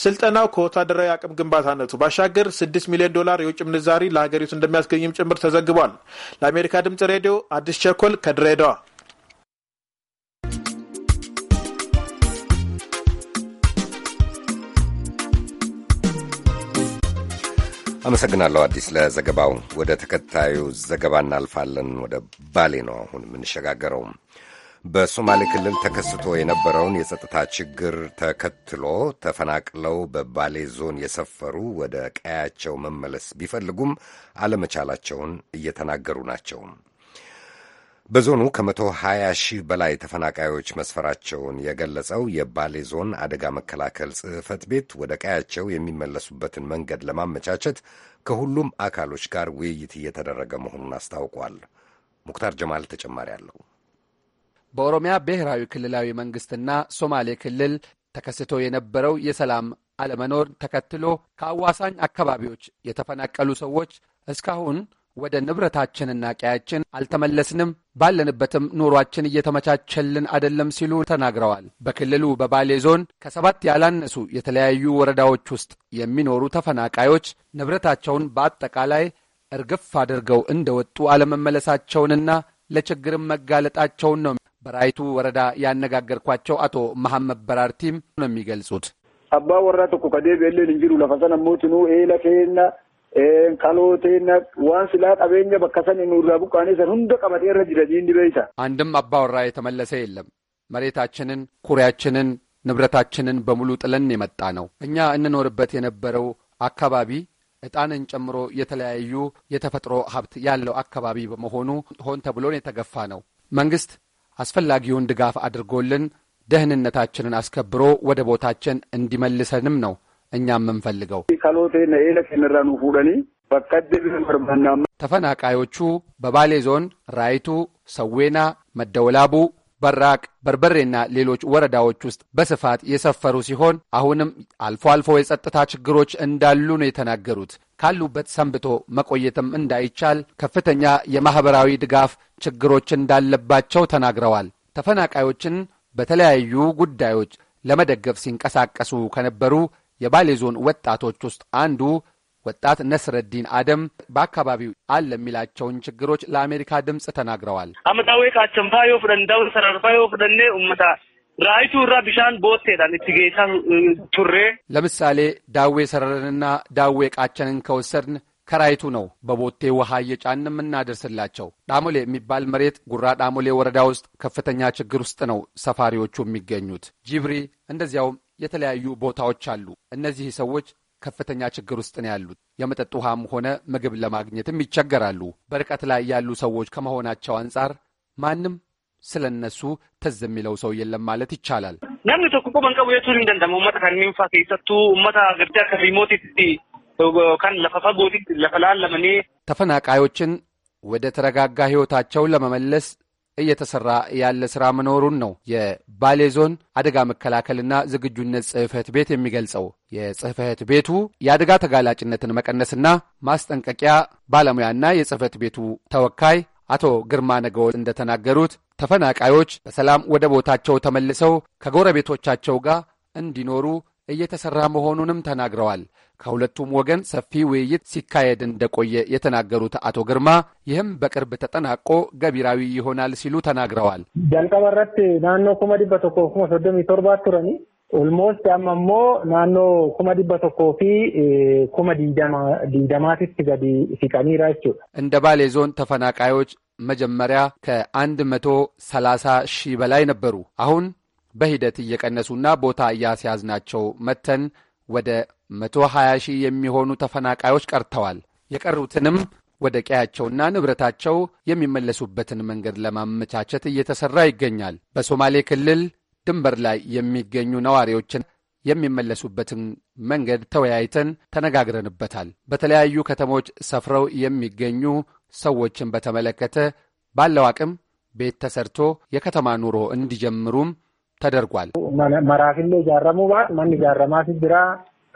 ስልጠናው ከወታደራዊ አቅም ግንባታነቱ ባሻገር ስድስት ሚሊዮን ዶላር የውጭ ምንዛሪ ለሀገሪቱ እንደሚያስገኝም ጭምር ተዘግቧል። ለአሜሪካ ድምጽ ሬዲዮ አዲስ ቸኮል ከድሬዳዋ አመሰግናለሁ አዲስ ለዘገባው። ወደ ተከታዩ ዘገባ እናልፋለን። ወደ ባሌ ነው አሁን የምንሸጋገረው። በሶማሌ ክልል ተከስቶ የነበረውን የጸጥታ ችግር ተከትሎ ተፈናቅለው በባሌ ዞን የሰፈሩ ወደ ቀያቸው መመለስ ቢፈልጉም አለመቻላቸውን እየተናገሩ ናቸው። በዞኑ ከመቶ ሀያ ሺህ በላይ ተፈናቃዮች መስፈራቸውን የገለጸው የባሌ ዞን አደጋ መከላከል ጽሕፈት ቤት ወደ ቀያቸው የሚመለሱበትን መንገድ ለማመቻቸት ከሁሉም አካሎች ጋር ውይይት እየተደረገ መሆኑን አስታውቋል። ሙክታር ጀማል ተጨማሪ አለው። በኦሮሚያ ብሔራዊ ክልላዊ መንግስትና ሶማሌ ክልል ተከስቶ የነበረው የሰላም አለመኖር ተከትሎ ከአዋሳኝ አካባቢዎች የተፈናቀሉ ሰዎች እስካሁን ወደ ንብረታችንና ቀያችን አልተመለስንም ባለንበትም ኑሯችን እየተመቻቸልን አይደለም ሲሉ ተናግረዋል። በክልሉ በባሌ ዞን ከሰባት ያላነሱ የተለያዩ ወረዳዎች ውስጥ የሚኖሩ ተፈናቃዮች ንብረታቸውን በአጠቃላይ እርግፍ አድርገው እንደወጡ አለመመለሳቸውንና ለችግርም መጋለጣቸውን ነው በራይቱ ወረዳ ያነጋገርኳቸው አቶ መሐመድ በራርቲም ነው የሚገልጹት። አባ ወራ ቶኮ ከዴ ቤሌን እንጅሩ ለፈሰነ ሞትኑ ኤለኬና ቀሎቴና ዋን ስላ ቀቤኛ በከሰን ኑራ ቡቃኔ ሰን ሁንደ ቀመጤ ረ ጅረጂን ዲበይሳ አንድም አባወራ የተመለሰ የለም። መሬታችንን፣ ኩሪያችንን፣ ንብረታችንን በሙሉ ጥለን የመጣ ነው። እኛ እንኖርበት የነበረው አካባቢ ዕጣንን ጨምሮ የተለያዩ የተፈጥሮ ሀብት ያለው አካባቢ በመሆኑ ሆን ተብሎን የተገፋ ነው። መንግሥት አስፈላጊውን ድጋፍ አድርጎልን ደህንነታችንን አስከብሮ ወደ ቦታችን እንዲመልሰንም ነው እኛም የምንፈልገው። ተፈናቃዮቹ በባሌ ዞን ራይቱ፣ ሰዌና፣ መደወላቡ፣ በራቅ፣ በርበሬና ሌሎች ወረዳዎች ውስጥ በስፋት የሰፈሩ ሲሆን አሁንም አልፎ አልፎ የጸጥታ ችግሮች እንዳሉ ነው የተናገሩት። ካሉበት ሰንብቶ መቆየትም እንዳይቻል ከፍተኛ የማኅበራዊ ድጋፍ ችግሮች እንዳለባቸው ተናግረዋል። ተፈናቃዮችን በተለያዩ ጉዳዮች ለመደገፍ ሲንቀሳቀሱ ከነበሩ የባሌ ዞን ወጣቶች ውስጥ አንዱ ወጣት ነስረዲን አደም በአካባቢው አለ የሚላቸውን ችግሮች ለአሜሪካ ድምፅ ተናግረዋል። አመታዊ ቃቸንፋ ዮፍደንዳው ሰረርፋ ፍደኔ ኡመታ ራይቱ ራ ቢሻን ቦቴዳን እትጌታ ቱሬ ለምሳሌ ዳዌ ሰረርንና ዳዌ ቃቸንን ከወሰድን ከራይቱ ነው በቦቴ ውሃ እየጫን የምናደርስላቸው። ዳሞሌ የሚባል መሬት ጉራ ዳሞሌ ወረዳ ውስጥ ከፍተኛ ችግር ውስጥ ነው ሰፋሪዎቹ የሚገኙት። ጂብሪ እንደዚያውም የተለያዩ ቦታዎች አሉ። እነዚህ ሰዎች ከፍተኛ ችግር ውስጥ ነው ያሉት። የመጠጥ ውሃም ሆነ ምግብ ለማግኘትም ይቸገራሉ። በርቀት ላይ ያሉ ሰዎች ከመሆናቸው አንጻር ማንም ስለ እነሱ ትዝ የሚለው ሰው የለም ማለት ይቻላል። ናምኒ ቶኮ ቆ መንቀቡ የቱ ንደንደመ መታ ከሚንፋ ሰቱ መታ ገዳ ከሪሞት ካን ለፈፋ ጎቲ ለፈላል ለመኔ ተፈናቃዮችን ወደ ተረጋጋ ህይወታቸው ለመመለስ እየተሰራ ያለ ስራ መኖሩን ነው የባሌ ዞን አደጋ መከላከልና ዝግጁነት ጽህፈት ቤት የሚገልጸው። የጽህፈት ቤቱ የአደጋ ተጋላጭነትን መቀነስና ማስጠንቀቂያ ባለሙያና የጽህፈት ቤቱ ተወካይ አቶ ግርማ ነገወ እንደተናገሩት ተፈናቃዮች በሰላም ወደ ቦታቸው ተመልሰው ከጎረቤቶቻቸው ጋር እንዲኖሩ እየተሰራ መሆኑንም ተናግረዋል። ከሁለቱም ወገን ሰፊ ውይይት ሲካሄድ እንደቆየ የተናገሩት አቶ ግርማ ይህም በቅርብ ተጠናቆ ገቢራዊ ይሆናል ሲሉ ተናግረዋል። ጃልቀበረት ናኖ ኩመ ዲበ ቶኮ ኩመ ሶዶሚ ቶርባ ቱረኒ ኦልሞስት አማሞ ናኖ ኩመ ዲበ ቶኮ ፊ ኩመ ዲደማቲስ ገዲ ሲቀኒራ እንደ ባሌ ዞን ተፈናቃዮች መጀመሪያ ከአንድ መቶ ሰላሳ ሺህ በላይ ነበሩ። አሁን በሂደት እየቀነሱና ቦታ እያስያዝናቸው መተን ወደ መቶ ሺህ የሚሆኑ ተፈናቃዮች ቀርተዋል። የቀሩትንም ወደ ቀያቸውና ንብረታቸው የሚመለሱበትን መንገድ ለማመቻቸት እየተሠራ ይገኛል። በሶማሌ ክልል ድንበር ላይ የሚገኙ ነዋሪዎችን የሚመለሱበትን መንገድ ተወያይተን ተነጋግረንበታል። በተለያዩ ከተሞች ሰፍረው የሚገኙ ሰዎችን በተመለከተ ባለው አቅም ቤት ተሰርቶ የከተማ ኑሮ እንዲጀምሩም ተደርጓል። መራፊሌ ጃረሙ ባት ማን ጃረማ ሲድራ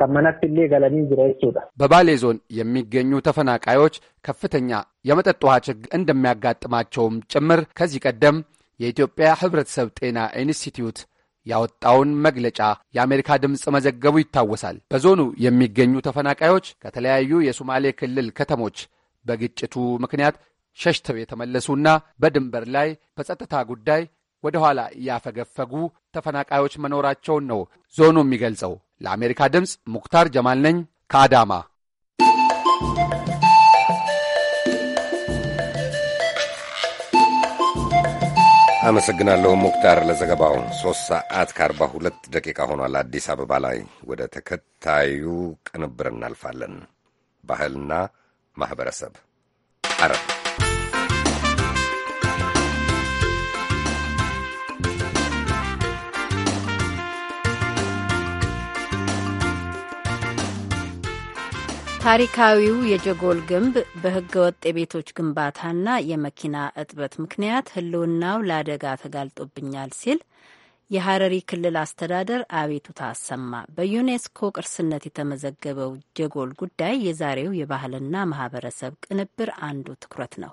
kan manatti illee galanii jira ዞን የሚገኙ ተፈናቃዮች ከፍተኛ የመጠጥ ውሃ ችግር እንደሚያጋጥማቸውም ጭምር ከዚህ ቀደም የኢትዮጵያ ሕብረተሰብ ጤና ኢንስቲትዩት ያወጣውን መግለጫ የአሜሪካ ድምፅ መዘገቡ ይታወሳል። በዞኑ የሚገኙ ተፈናቃዮች ከተለያዩ የሶማሌ ክልል ከተሞች በግጭቱ ምክንያት ሸሽተው የተመለሱና በድንበር ላይ በጸጥታ ጉዳይ ወደ ኋላ እያፈገፈጉ ተፈናቃዮች መኖራቸውን ነው ዞኑ የሚገልጸው። ለአሜሪካ ድምፅ ሙክታር ጀማል ነኝ ከአዳማ። አመሰግናለሁ ሙክታር ለዘገባው። ሶስት ሰዓት ከአርባ ሁለት ደቂቃ ሆኗል አዲስ አበባ ላይ። ወደ ተከታዩ ቅንብር እናልፋለን። ባህልና ማኅበረሰብ አረብ ታሪካዊው የጀጎል ግንብ በህገወጥ የቤቶች ግንባታና የመኪና እጥበት ምክንያት ህልውናው ለአደጋ ተጋልጦብኛል ሲል የሐረሪ ክልል አስተዳደር አቤቱታ አሰማ። በዩኔስኮ ቅርስነት የተመዘገበው ጀጎል ጉዳይ የዛሬው የባህልና ማህበረሰብ ቅንብር አንዱ ትኩረት ነው።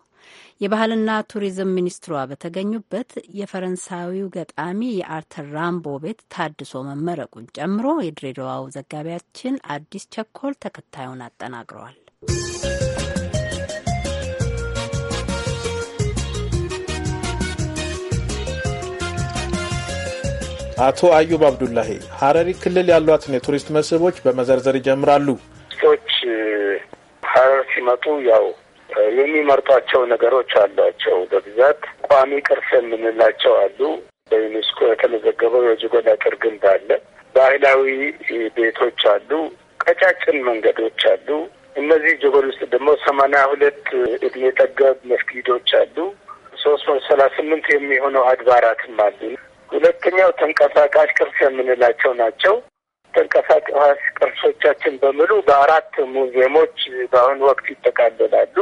የባህልና ቱሪዝም ሚኒስትሯ በተገኙበት የፈረንሳዊው ገጣሚ የአርተር ራምቦ ቤት ታድሶ መመረቁን ጨምሮ የድሬዳዋው ዘጋቢያችን አዲስ ቸኮል ተከታዩን አጠናቅረዋል። አቶ አዩብ አብዱላሂ ሀረሪ ክልል ያሏትን የቱሪስት መስህቦች በመዘርዘር ይጀምራሉ። ሰዎች ሀረር ሲመጡ ያው የሚመርጧቸው ነገሮች አሏቸው። በብዛት ቋሚ ቅርስ የምንላቸው አሉ። በዩኔስኮ የተመዘገበው የጅጎላ ጥር ግንብ አለ። ባህላዊ ቤቶች አሉ። ቀጫጭን መንገዶች አሉ። እነዚህ ጆጎል ውስጥ ደግሞ ሰማንያ ሁለት እድሜ ጠገብ መስጊዶች አሉ። ሶስት መቶ ሰላሳ ስምንት የሚሆነው አድባራትም አሉ። ሁለተኛው ተንቀሳቃሽ ቅርስ የምንላቸው ናቸው። ተንቀሳቃሽ ቅርሶቻችን በሙሉ በአራት ሙዚየሞች በአሁኑ ወቅት ይጠቃለላሉ።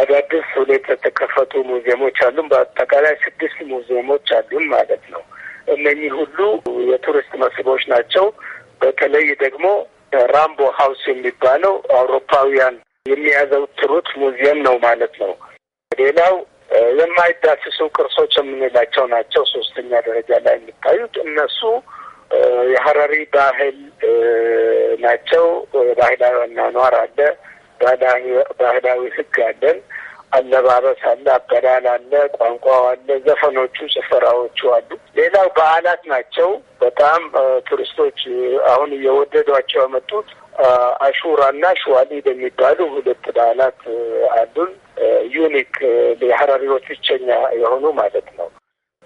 አዳዲስ ሁለት የተከፈቱ ሙዚየሞች አሉን። በአጠቃላይ ስድስት ሙዚየሞች አሉም ማለት ነው። እነኚህ ሁሉ የቱሪስት መስህቦች ናቸው። በተለይ ደግሞ ራምቦ ሀውስ የሚባለው አውሮፓውያን የሚያዘውትሩት ሙዚየም ነው ማለት ነው። ሌላው የማይዳስሱ ቅርሶች የምንላቸው ናቸው። ሶስተኛ ደረጃ ላይ የሚታዩት እነሱ የሀረሪ ባህል ናቸው። ባህላዊ አኗኗር አለ፣ ባህላዊ ህግ አለን፣ አለባበስ አለ፣ አበላል አለ፣ ቋንቋው አለ፣ ዘፈኖቹ፣ ጭፈራዎቹ አሉ። ሌላው በዓላት ናቸው። በጣም ቱሪስቶች አሁን እየወደዷቸው ያመጡት አሹራና ሸዋሊ የሚባሉ ሁለት በዓላት አሉን። ዩኒክ የሀረሪዎች ብቸኛ የሆኑ ማለት ነው።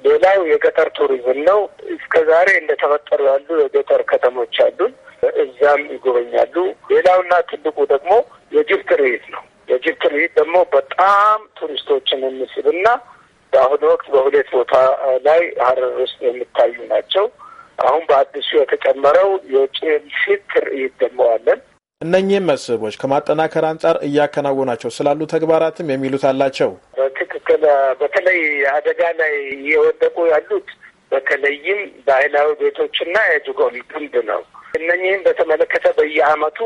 ሌላው የገጠር ቱሪዝም ነው። እስከ ዛሬ እንደተፈጠሩ ያሉ የገጠር ከተሞች አሉን፣ እዛም ይጎበኛሉ። ሌላውና ትልቁ ደግሞ የጅብ ትርኢት ነው። የጅብ ትርኢት ደግሞ በጣም ቱሪስቶችን የሚስብና በአሁኑ ወቅት በሁለት ቦታ ላይ ሀረር ውስጥ የሚታዩ ናቸው። አሁን በአዲሱ የተጨመረው የጭልፊት ትርኢት ደግሞ አለን። እነኚህም መስህቦች ከማጠናከር አንጻር እያከናወናቸው ስላሉ ተግባራትም የሚሉት አላቸው። በትክክል በተለይ አደጋ ላይ እየወደቁ ያሉት በተለይም ባህላዊ ቤቶችና የጅጎል ግንብ ነው። እነኚህም በተመለከተ በየአመቱ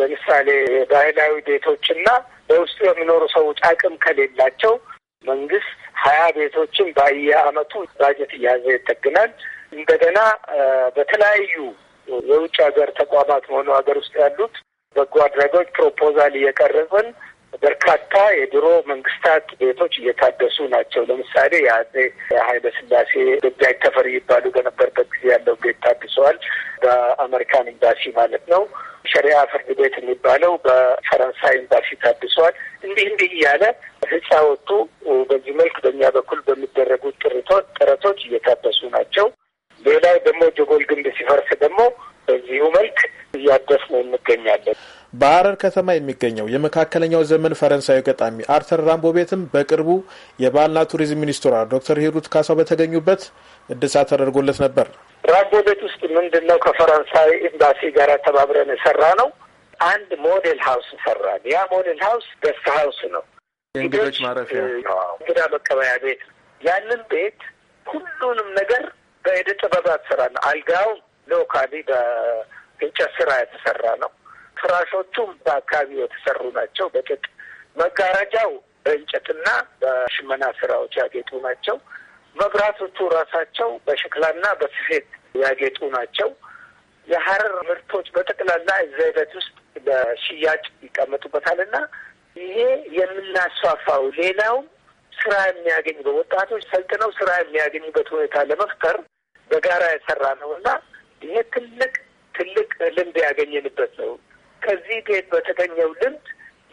ለምሳሌ ባህላዊ ቤቶችና በውስጡ የሚኖሩ ሰዎች አቅም ከሌላቸው መንግስት ሀያ ቤቶችን በየአመቱ ባጀት እያዘ ይጠግናል። እንደገና በተለያዩ የውጭ ሀገር ተቋማት መሆኑ ሀገር ውስጥ ያሉት በጎ አድራጎት ፕሮፖዛል እየቀረጽን በርካታ የድሮ መንግስታት ቤቶች እየታደሱ ናቸው። ለምሳሌ የአጼ ኃይለ ስላሴ ዳይ ተፈሪ ይባሉ በነበርበት ጊዜ ያለው ቤት ታድሰዋል። በአሜሪካን ኤምባሲ ማለት ነው። ሸሪያ ፍርድ ቤት የሚባለው በፈረንሳይ ኤምባሲ ታድሰዋል። እንዲህ እንዲህ እያለ ህፃወቱ በዚህ መልክ በእኛ በኩል በሚደረጉ ጥረቶች እየታደሱ ናቸው። ሌላው ደግሞ ጀጎል ግንብ ሲፈርስ ደግሞ በዚሁ መልክ እያደስ ነው እንገኛለን። በሀረር ከተማ የሚገኘው የመካከለኛው ዘመን ፈረንሳዊ ገጣሚ አርተር ራምቦ ቤትም በቅርቡ የባህልና ቱሪዝም ሚኒስትሯ ዶክተር ሂሩት ካሳው በተገኙበት እድሳት ተደርጎለት ነበር። ራምቦ ቤት ውስጥ ምንድን ነው ከፈረንሳይ ኤምባሲ ጋር ተባብረን የሰራ ነው። አንድ ሞዴል ሀውስ ሰራን። ያ ሞዴል ሀውስ ገስት ሀውስ ነው፣ እንግዶች ማረፊያ፣ እንግዳ መቀበያ ቤት። ያንን ቤት ሁሉንም ነገር በእደ ጥበባት ሰራን። አልጋውን ሎካሊ በእንጨት ስራ የተሰራ ነው። ፍራሾቹም በአካባቢው የተሰሩ ናቸው በጥጥ መጋረጃው በእንጨትና በሽመና ስራዎች ያጌጡ ናቸው። መብራቶቹ ራሳቸው በሸክላና በስፌት ያጌጡ ናቸው። የሀረር ምርቶች በጠቅላላ እዛ ውስጥ በሽያጭ ይቀመጡበታል እና ይሄ የምናስፋፋው ሌላውም ስራ የሚያገኝ በወጣቶች ሰልጥነው ስራ የሚያገኙበት ሁኔታ ለመፍጠር በጋራ የሰራ ነው እና ይሄ ትልቅ ትልቅ ልምድ ያገኘንበት ነው። ከዚህ ቤት በተገኘው ልምድ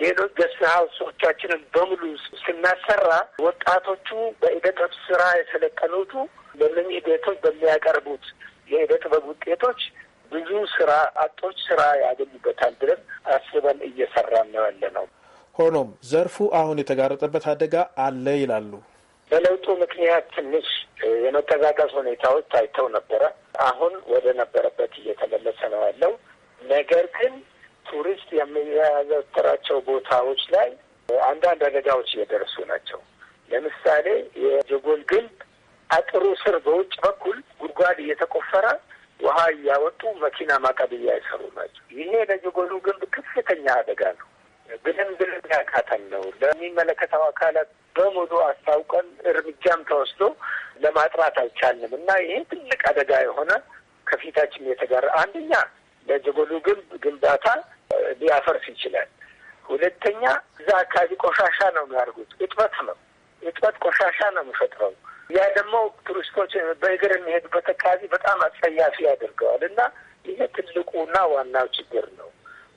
ሌሎች ገስት ሀውሶቻችንን በሙሉ ስናሰራ ወጣቶቹ በዕደ ጥበብ ስራ የሰለጠኑቱ በእነኚህ ቤቶች በሚያቀርቡት የዕደ ጥበብ ውጤቶች ብዙ ስራ አጦች ስራ ያገኙበታል ብለን አስበን እየሰራ ነው ያለ ነው። ሆኖም ዘርፉ አሁን የተጋረጠበት አደጋ አለ ይላሉ በለውጡ ምክንያት ትንሽ የመቀዛቀዝ ሁኔታዎች ታይተው ነበረ። አሁን ወደ ነበረበት እየተመለሰ ነው ያለው። ነገር ግን ቱሪስት የሚያዘወትራቸው ቦታዎች ላይ አንዳንድ አደጋዎች እየደረሱ ናቸው። ለምሳሌ የጀጎል ግንብ አጥሩ ስር በውጭ በኩል ጉድጓድ እየተቆፈረ ውሃ እያወጡ መኪና ማቀብያ አይሰሩ ናቸው። ይሄ ለጀጎሉ ግንብ ከፍተኛ አደጋ ነው። በደንብ ያካታለው ለሚመለከተው አካላት በሙሉ አስታውቀን እርምጃም ተወስዶ ለማጥራት አልቻልንም እና ይሄ ትልቅ አደጋ የሆነ ከፊታችን የተጋረ አንደኛ ለጀጎሉ ግንብ ግንባታ ሊያፈርስ ይችላል። ሁለተኛ እዛ አካባቢ ቆሻሻ ነው የሚያደርጉት። እጥበት ነው እጥበት ቆሻሻ ነው የሚፈጥረው። ያ ደግሞ ቱሪስቶች በእግር የሚሄዱበት አካባቢ በጣም አጸያፊ ያደርገዋል እና ይሄ ትልቁና ዋናው ችግር ነው።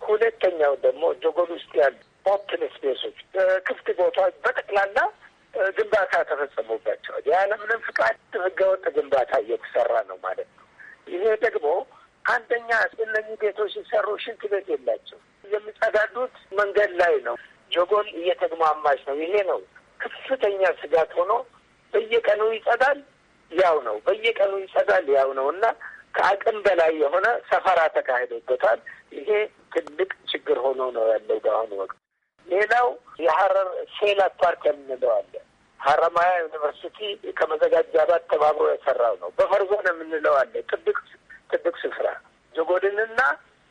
ሁለተኛው ደግሞ ጆጎል ውስጥ ያሉ ኦፕን ስፔሶች በክፍት ቦታዎች በጠቅላላ ግንባታ ተፈጸሙባቸዋል። ያለምንም ፍቃድ ህገወጥ ግንባታ እየተሰራ ነው ማለት ነው። ይሄ ደግሞ አንደኛ እነዚህ ቤቶች ሲሰሩ ሽንት ቤት የላቸው፣ የሚጸዳዱት መንገድ ላይ ነው። ጆጎል እየተግማማች ነው። ይሄ ነው ከፍተኛ ስጋት ሆኖ በየቀኑ ይጸዳል ያው ነው፣ በየቀኑ ይጸዳል ያው ነው እና ከአቅም በላይ የሆነ ሰፈራ ተካሂዶበታል። ይሄ ትልቅ ችግር ሆኖ ነው ያለው በአሁኑ ወቅት። ሌላው የሀረር ሴላ ፓርክ የምንለው አለ። ሀረማያ ዩኒቨርሲቲ ከመዘጋጃ ባት ተባብሮ የሰራው ነው። ነው የምንለው አለ። ትልቅ ትልቅ ስፍራ ጀጎድንና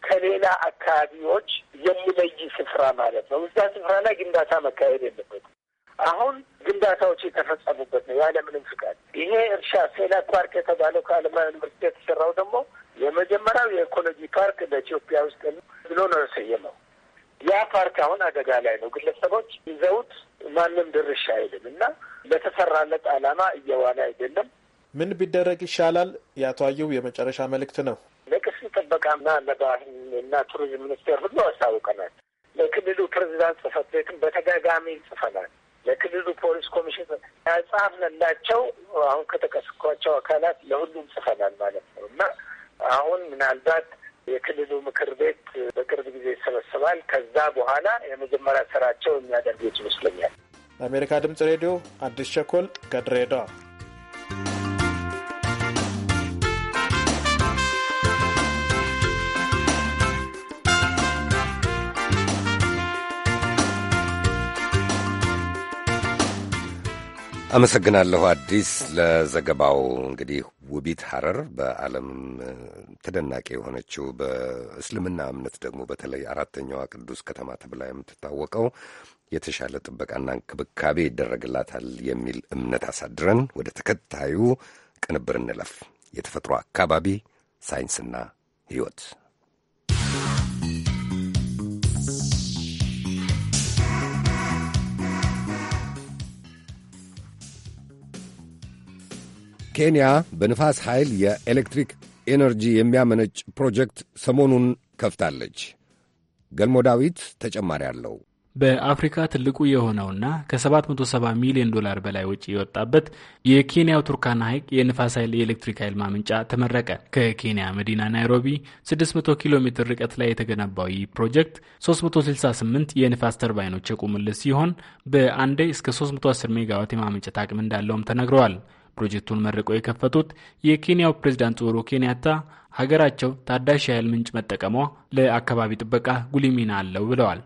ከሌላ አካባቢዎች የሚለይ ስፍራ ማለት ነው። እዛ ስፍራ ላይ ግንባታ መካሄድ የለበትም። አሁን ግንባታዎች የተፈጸሙበት ነው ያለምንም ፍቃድ። ይሄ እርሻ ሴላ ፓርክ የተባለው ከአለማያ ዩኒቨርሲቲ የተሰራው ደግሞ የመጀመሪያው የኢኮሎጂ ፓርክ በኢትዮጵያ ውስጥ ብሎ ነው የሰየመው። ያ ፓርክ አሁን አደጋ ላይ ነው። ግለሰቦች ይዘውት ማንም ድርሻ አይልም እና ለተሰራለት ዓላማ እየዋለ አይደለም። ምን ቢደረግ ይሻላል? የአቶ አየው የመጨረሻ መልእክት ነው። ለቅርስ ጥበቃና ለባህል እና ቱሪዝም ሚኒስቴር ሁሉ አስታውቀናል። ለክልሉ ፕሬዚዳንት ጽህፈት ቤትም በተደጋጋሚ ጽፈናል። ለክልሉ ፖሊስ ኮሚሽን ያጻፍንላቸው አሁን ከተቀስኳቸው አካላት ለሁሉም ጽፈናል ማለት ነው እና አሁን ምናልባት የክልሉ ምክር ቤት በቅርብ ጊዜ ይሰበሰባል። ከዛ በኋላ የመጀመሪያ ስራቸው የሚያደርጉት ይመስለኛል። ለአሜሪካ ድምጽ ሬዲዮ አዲስ ቸኮል ከድሬዳዋ አመሰግናለሁ አዲስ ለዘገባው። እንግዲህ ውቢት ሐረር በዓለም ተደናቂ የሆነችው በእስልምና እምነት ደግሞ በተለይ አራተኛዋ ቅዱስ ከተማ ተብላ የምትታወቀው የተሻለ ጥበቃና እንክብካቤ ይደረግላታል የሚል እምነት አሳድረን ወደ ተከታዩ ቅንብር እንለፍ። የተፈጥሮ አካባቢ ሳይንስና ሕይወት ኬንያ በንፋስ ኃይል የኤሌክትሪክ ኤነርጂ የሚያመነጭ ፕሮጀክት ሰሞኑን ከፍታለች። ገልሞ ዳዊት ተጨማሪ አለው። በአፍሪካ ትልቁ የሆነውና ከ770 ሚሊዮን ዶላር በላይ ወጪ የወጣበት የኬንያው ቱርካና ሐይቅ የንፋስ ኃይል የኤሌክትሪክ ኃይል ማመንጫ ተመረቀ። ከኬንያ መዲና ናይሮቢ 600 ኪሎ ሜትር ርቀት ላይ የተገነባው ይህ ፕሮጀክት 368 የንፋስ ተርባይኖች የቆሙለት ሲሆን በአንዴ እስከ 310 ሜጋዋት የማመንጨት አቅም እንዳለውም ተነግረዋል። ፕሮጀክቱን መርቀው የከፈቱት የኬንያው ፕሬዝዳንት ኡሁሩ ኬንያታ ሀገራቸው ታዳሽ የኃይል ምንጭ መጠቀሟ ለአካባቢ ጥበቃ ጉልህ ሚና አለው ብለዋል።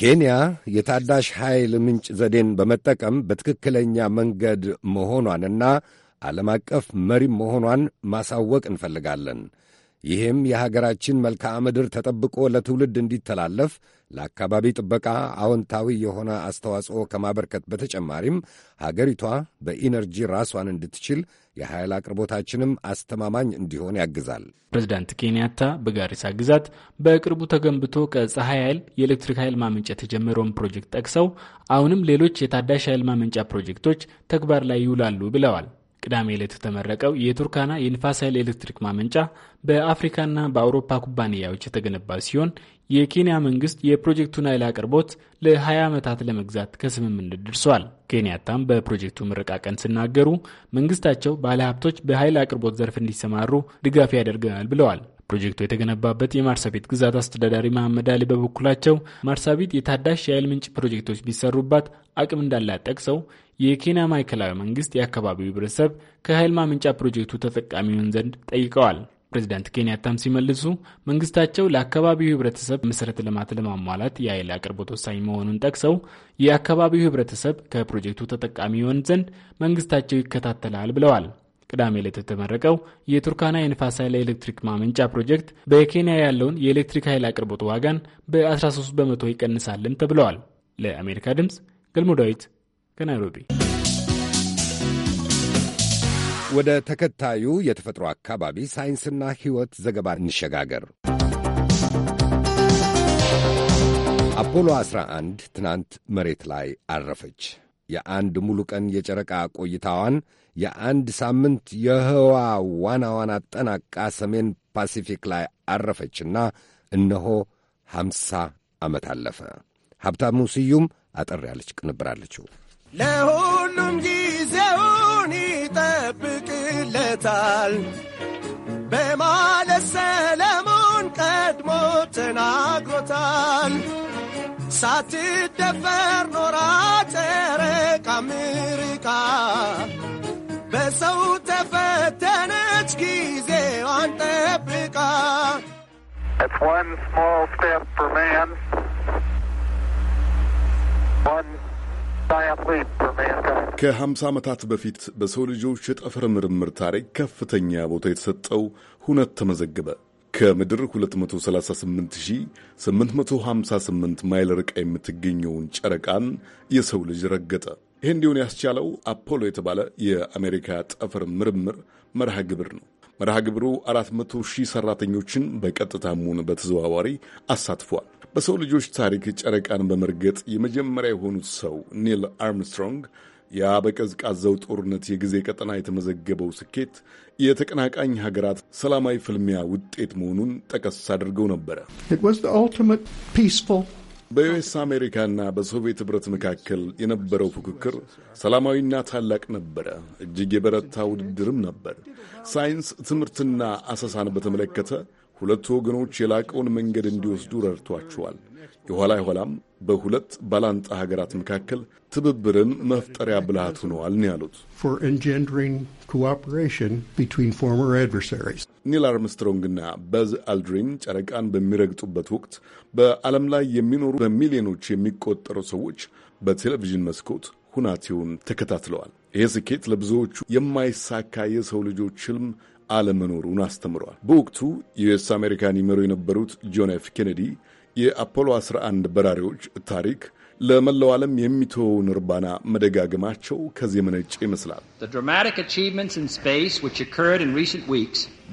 ኬንያ የታዳሽ ኃይል ምንጭ ዘዴን በመጠቀም በትክክለኛ መንገድ መሆኗንና ዓለም አቀፍ መሪም መሆኗን ማሳወቅ እንፈልጋለን። ይህም የሀገራችን መልክዓ ምድር ተጠብቆ ለትውልድ እንዲተላለፍ ለአካባቢ ጥበቃ አዎንታዊ የሆነ አስተዋጽኦ ከማበርከት በተጨማሪም ሀገሪቷ በኢነርጂ ራሷን እንድትችል የኃይል አቅርቦታችንም አስተማማኝ እንዲሆን ያግዛል። ፕሬዚዳንት ኬንያታ በጋሪሳ ግዛት በቅርቡ ተገንብቶ ከፀሐይ ኃይል የኤሌክትሪክ ኃይል ማመንጫ የተጀመረውን ፕሮጀክት ጠቅሰው አሁንም ሌሎች የታዳሽ ኃይል ማመንጫ ፕሮጀክቶች ተግባር ላይ ይውላሉ ብለዋል። ቅዳሜ ላይ የተመረቀው የቱርካና የንፋስ ኃይል ኤሌክትሪክ ማመንጫ በአፍሪካና በአውሮፓ ኩባንያዎች የተገነባ ሲሆን የኬንያ መንግስት የፕሮጀክቱን ኃይል አቅርቦት ለ20 ዓመታት ለመግዛት ከስምምነት ደርሷል። ኬንያታም በፕሮጀክቱ ምረቃ ቀን ሲናገሩ መንግስታቸው ባለሀብቶች በኃይል አቅርቦት ዘርፍ እንዲሰማሩ ድጋፍ ያደርገናል ብለዋል። ፕሮጀክቱ የተገነባበት የማርሳቢት ግዛት አስተዳዳሪ መሐመድ አሊ በበኩላቸው ማርሳቢት የታዳሽ የኃይል ምንጭ ፕሮጀክቶች ቢሰሩባት አቅም እንዳላት ጠቅሰው የኬንያ ማዕከላዊ መንግስት የአካባቢው ህብረተሰብ ከኃይል ማመንጫ ፕሮጀክቱ ተጠቃሚ ይሆን ዘንድ ጠይቀዋል። ፕሬዚዳንት ኬንያታም ሲመልሱ መንግስታቸው ለአካባቢው ህብረተሰብ መሰረተ ልማት ለማሟላት የኃይል አቅርቦት ወሳኝ መሆኑን ጠቅሰው የአካባቢው ህብረተሰብ ከፕሮጀክቱ ተጠቃሚ ይሆን ዘንድ መንግስታቸው ይከታተላል ብለዋል። ቅዳሜ ዕለት የተመረቀው የቱርካና የንፋስ ኃይል ኤሌክትሪክ ማመንጫ ፕሮጀክት በኬንያ ያለውን የኤሌክትሪክ ኃይል አቅርቦት ዋጋን በ13 በመቶ ይቀንሳልን ተብለዋል። ለአሜሪካ ድምፅ ገልሞ ከናይሮቢ ወደ ተከታዩ የተፈጥሮ አካባቢ ሳይንስና ሕይወት ዘገባ እንሸጋገር። አፖሎ 11 ትናንት መሬት ላይ አረፈች። የአንድ ሙሉ ቀን የጨረቃ ቆይታዋን የአንድ ሳምንት የህዋ ዋናዋን አጠናቃ ሰሜን ፓሲፊክ ላይ አረፈችና እነሆ ሐምሳ ዓመት አለፈ። ሀብታሙ ስዩም አጠር ያለች ቅንብራለችው። ለሁሉም ጊዜውን ይጠብቅለታል በማለት ሰለሞን ቀድሞ ተናግሮታል። ሳትደፈር ኖራ ጨረቃ ምርቃ በሰው ተፈተነች ጊዜዋን ጠብቃ That's one small step for man. ከ50 ዓመታት በፊት በሰው ልጆች የጠፈር ምርምር ታሪክ ከፍተኛ ቦታ የተሰጠው ሁነት ተመዘገበ። ከምድር 238858 ማይል ርቃ የምትገኘውን ጨረቃን የሰው ልጅ ረገጠ። ይህ እንዲሆን ያስቻለው አፖሎ የተባለ የአሜሪካ ጠፈር ምርምር መርሃ ግብር ነው። መርሃ ግብሩ 400 ሺህ ሠራተኞችን በቀጥታም ሆነ በተዘዋዋሪ አሳትፏል። በሰው ልጆች ታሪክ ጨረቃን በመርገጥ የመጀመሪያ የሆኑት ሰው ኒል አርምስትሮንግ ያ በቀዝቃዛው ጦርነት የጊዜ ቀጠና የተመዘገበው ስኬት የተቀናቃኝ ሀገራት ሰላማዊ ፍልሚያ ውጤት መሆኑን ጠቀስ አድርገው ነበረ። በዩኤስ አሜሪካና በሶቪየት ኅብረት መካከል የነበረው ፉክክር ሰላማዊና ታላቅ ነበረ። እጅግ የበረታ ውድድርም ነበር። ሳይንስ ትምህርትና አሰሳን በተመለከተ ሁለቱ ወገኖች የላቀውን መንገድ እንዲወስዱ ረድቷቸዋል። የኋላ የኋላም በሁለት ባላንጣ ሀገራት መካከል ትብብርን መፍጠሪያ ብልሃት ሆነዋል ነው ያሉት። ኒል አርምስትሮንግና በዝ አልድሪን ጨረቃን በሚረግጡበት ወቅት በዓለም ላይ የሚኖሩ በሚሊዮኖች የሚቆጠሩ ሰዎች በቴሌቪዥን መስኮት ሁናቴውን ተከታትለዋል። ይህ ስኬት ለብዙዎቹ የማይሳካ የሰው ልጆች ህልም አለመኖሩን አስተምሯል። በወቅቱ ዩኤስ አሜሪካን ይመሩ የነበሩት ጆን ኤፍ ኬኔዲ የአፖሎ 11 በራሪዎች ታሪክ ለመላው ዓለም የሚተወውን እርባና መደጋገማቸው ከዚህ የመነጨ ይመስላል።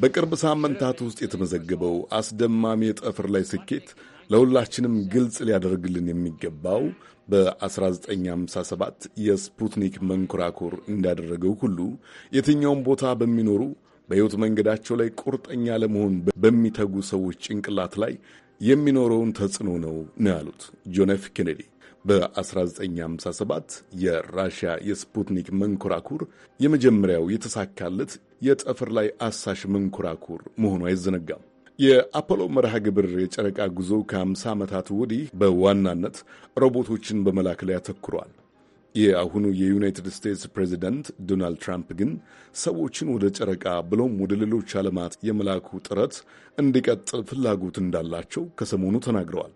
በቅርብ ሳምንታት ውስጥ የተመዘገበው አስደማሚ የጠፈር ላይ ስኬት ለሁላችንም ግልጽ ሊያደርግልን የሚገባው በ1957 የስፑትኒክ መንኮራኩር እንዳደረገው ሁሉ የትኛውም ቦታ በሚኖሩ በሕይወት መንገዳቸው ላይ ቁርጠኛ ለመሆን በሚተጉ ሰዎች ጭንቅላት ላይ የሚኖረውን ተጽዕኖ ነው ነው ያሉት ጆን ኤፍ ኬኔዲ በ1957 የራሽያ የስፑትኒክ መንኮራኩር የመጀመሪያው የተሳካለት የጠፈር ላይ አሳሽ መንኮራኩር መሆኑ አይዘነጋም። የአፖሎ መርሃ ግብር የጨረቃ ጉዞ ከ50 ዓመታት ወዲህ በዋናነት ሮቦቶችን በመላክ ላይ ያተኩረዋል። የአሁኑ የዩናይትድ ስቴትስ ፕሬዚደንት ዶናልድ ትራምፕ ግን ሰዎችን ወደ ጨረቃ ብሎም ወደ ሌሎች ዓለማት የመላኩ ጥረት እንዲቀጥል ፍላጎት እንዳላቸው ከሰሞኑ ተናግረዋል።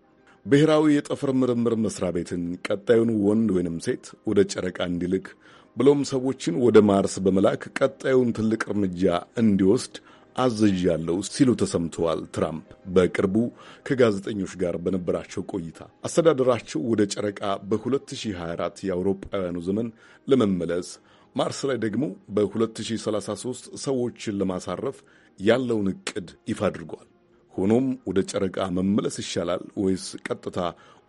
ብሔራዊ የጠፈር ምርምር መስሪያ ቤትን ቀጣዩን ወንድ ወይንም ሴት ወደ ጨረቃ እንዲልክ ብሎም ሰዎችን ወደ ማርስ በመላክ ቀጣዩን ትልቅ እርምጃ እንዲወስድ ያለው ሲሉ ተሰምተዋል። ትራምፕ በቅርቡ ከጋዜጠኞች ጋር በነበራቸው ቆይታ አስተዳደራቸው ወደ ጨረቃ በ2024 የአውሮፓውያኑ ዘመን ለመመለስ ማርስ ላይ ደግሞ በ2033 ሰዎችን ለማሳረፍ ያለውን እቅድ ይፋ አድርጓል። ሆኖም ወደ ጨረቃ መመለስ ይሻላል ወይስ ቀጥታ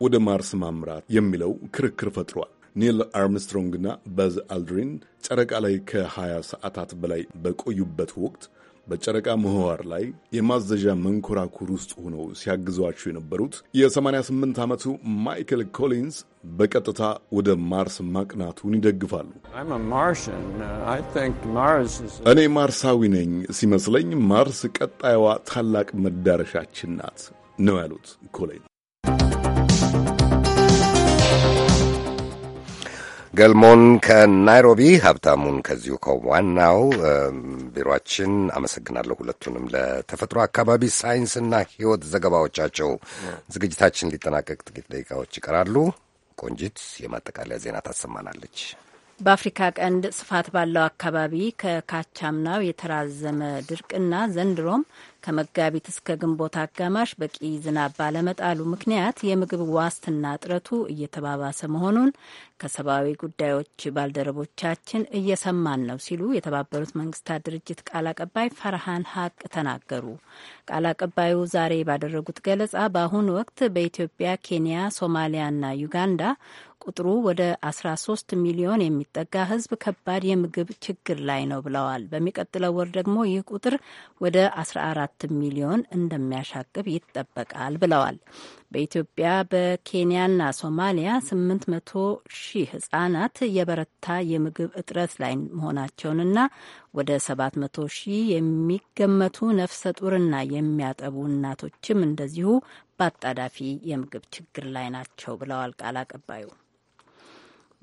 ወደ ማርስ ማምራት የሚለው ክርክር ፈጥሯል። ኒል አርምስትሮንግና በዝ አልድሪን ጨረቃ ላይ ከ20 ሰዓታት በላይ በቆዩበት ወቅት በጨረቃ ምህዋር ላይ የማዘዣ መንኮራኩር ውስጥ ሆነው ሲያግዟቸው የነበሩት የ88 ዓመቱ ማይክል ኮሊንስ በቀጥታ ወደ ማርስ ማቅናቱን ይደግፋሉ። እኔ ማርሳዊ ነኝ፣ ሲመስለኝ ማርስ ቀጣዩዋ ታላቅ መዳረሻችን ናት ነው ያሉት ኮሊንስ። ገልሞን ከናይሮቢ ሀብታሙን ከዚሁ ከዋናው ቢሮችን አመሰግናለሁ። ሁለቱንም ለተፈጥሮ አካባቢ ሳይንስና ሕይወት ዘገባዎቻቸው። ዝግጅታችን ሊጠናቀቅ ጥቂት ደቂቃዎች ይቀራሉ። ቆንጂት የማጠቃለያ ዜና ታሰማናለች። በአፍሪካ ቀንድ ስፋት ባለው አካባቢ ከካቻምናው የተራዘመ ድርቅና ዘንድሮም ከመጋቢት እስከ ግንቦት አጋማሽ በቂ ዝናብ ባለመጣሉ ምክንያት የምግብ ዋስትና እጥረቱ እየተባባሰ መሆኑን ከሰብአዊ ጉዳዮች ባልደረቦቻችን እየሰማን ነው ሲሉ የተባበሩት መንግስታት ድርጅት ቃል አቀባይ ፈርሃን ሀቅ ተናገሩ። ቃል አቀባዩ ዛሬ ባደረጉት ገለጻ በአሁኑ ወቅት በኢትዮጵያ፣ ኬንያ፣ ሶማሊያና ዩጋንዳ ቁጥሩ ወደ 13 ሚሊዮን የሚጠጋ ህዝብ ከባድ የምግብ ችግር ላይ ነው ብለዋል። በሚቀጥለው ወር ደግሞ ይህ ቁጥር ወደ 14 ሚሊዮን እንደሚያሻቅብ ይጠበቃል ብለዋል። በኢትዮጵያ በኬንያና ሶማሊያ 800 ሺህ ህጻናት የበረታ የምግብ እጥረት ላይ መሆናቸውንና ወደ 700 ሺህ የሚገመቱ ነፍሰ ጡርና የሚያጠቡ እናቶችም እንደዚሁ በአጣዳፊ የምግብ ችግር ላይ ናቸው ብለዋል ቃል አቀባዩ።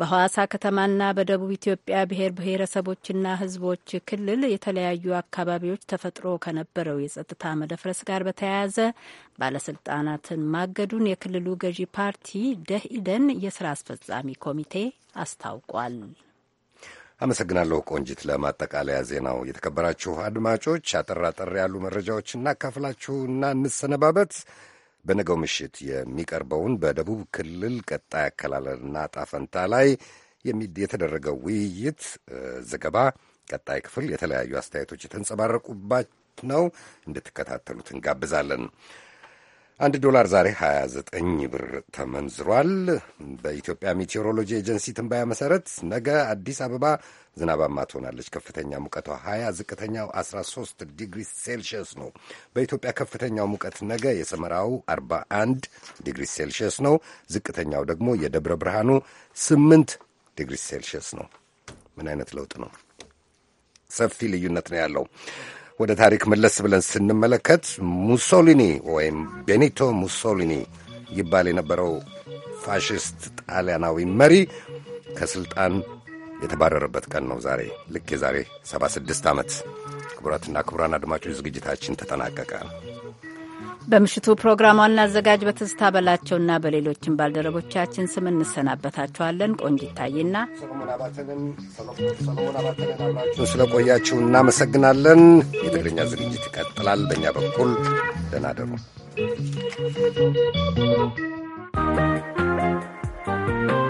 በሐዋሳ ከተማና በደቡብ ኢትዮጵያ ብሔር ብሔረሰቦችና ሕዝቦች ክልል የተለያዩ አካባቢዎች ተፈጥሮ ከነበረው የጸጥታ መደፍረስ ጋር በተያያዘ ባለስልጣናትን ማገዱን የክልሉ ገዢ ፓርቲ ደኢህዴን የስራ አስፈጻሚ ኮሚቴ አስታውቋል። አመሰግናለሁ ቆንጂት። ለማጠቃለያ ዜናው የተከበራችሁ አድማጮች አጠር አጠር ያሉ መረጃዎች እናካፍላችሁና እንሰነባበት። በነገው ምሽት የሚቀርበውን በደቡብ ክልል ቀጣይ አከላለልና ጣፈንታ ላይ የተደረገው ውይይት ዘገባ ቀጣይ ክፍል የተለያዩ አስተያየቶች የተንጸባረቁባት ነው። እንድትከታተሉት እንጋብዛለን። አንድ ዶላር ዛሬ 29 ብር ተመንዝሯል። በኢትዮጵያ ሜቴሮሎጂ ኤጀንሲ ትንባያ መሰረት ነገ አዲስ አበባ ዝናባማ ትሆናለች። ከፍተኛ ሙቀቷ 20፣ ዝቅተኛው 13 ዲግሪ ሴልሽየስ ነው። በኢትዮጵያ ከፍተኛው ሙቀት ነገ የሰመራው 41 ዲግሪ ሴልሽየስ ነው። ዝቅተኛው ደግሞ የደብረ ብርሃኑ 8 ዲግሪ ሴልሽየስ ነው። ምን አይነት ለውጥ ነው! ሰፊ ልዩነት ነው ያለው። ወደ ታሪክ መለስ ብለን ስንመለከት ሙሶሊኒ ወይም ቤኒቶ ሙሶሊኒ ይባል የነበረው ፋሽስት ጣሊያናዊ መሪ ከሥልጣን የተባረረበት ቀን ነው ዛሬ ልክ የዛሬ 76 ዓመት። ክቡራትና ክቡራን አድማጮች ዝግጅታችን ተጠናቀቀ። በምሽቱ ፕሮግራሟን አዘጋጅ በትዝታ በላቸውና በሌሎችን ባልደረቦቻችን ስም እንሰናበታችኋለን። ቆንጅ ይታይና ስለቆያችሁ እናመሰግናለን። የትግርኛ ዝግጅት ይቀጥላል። በእኛ በኩል ደህና እደሩ።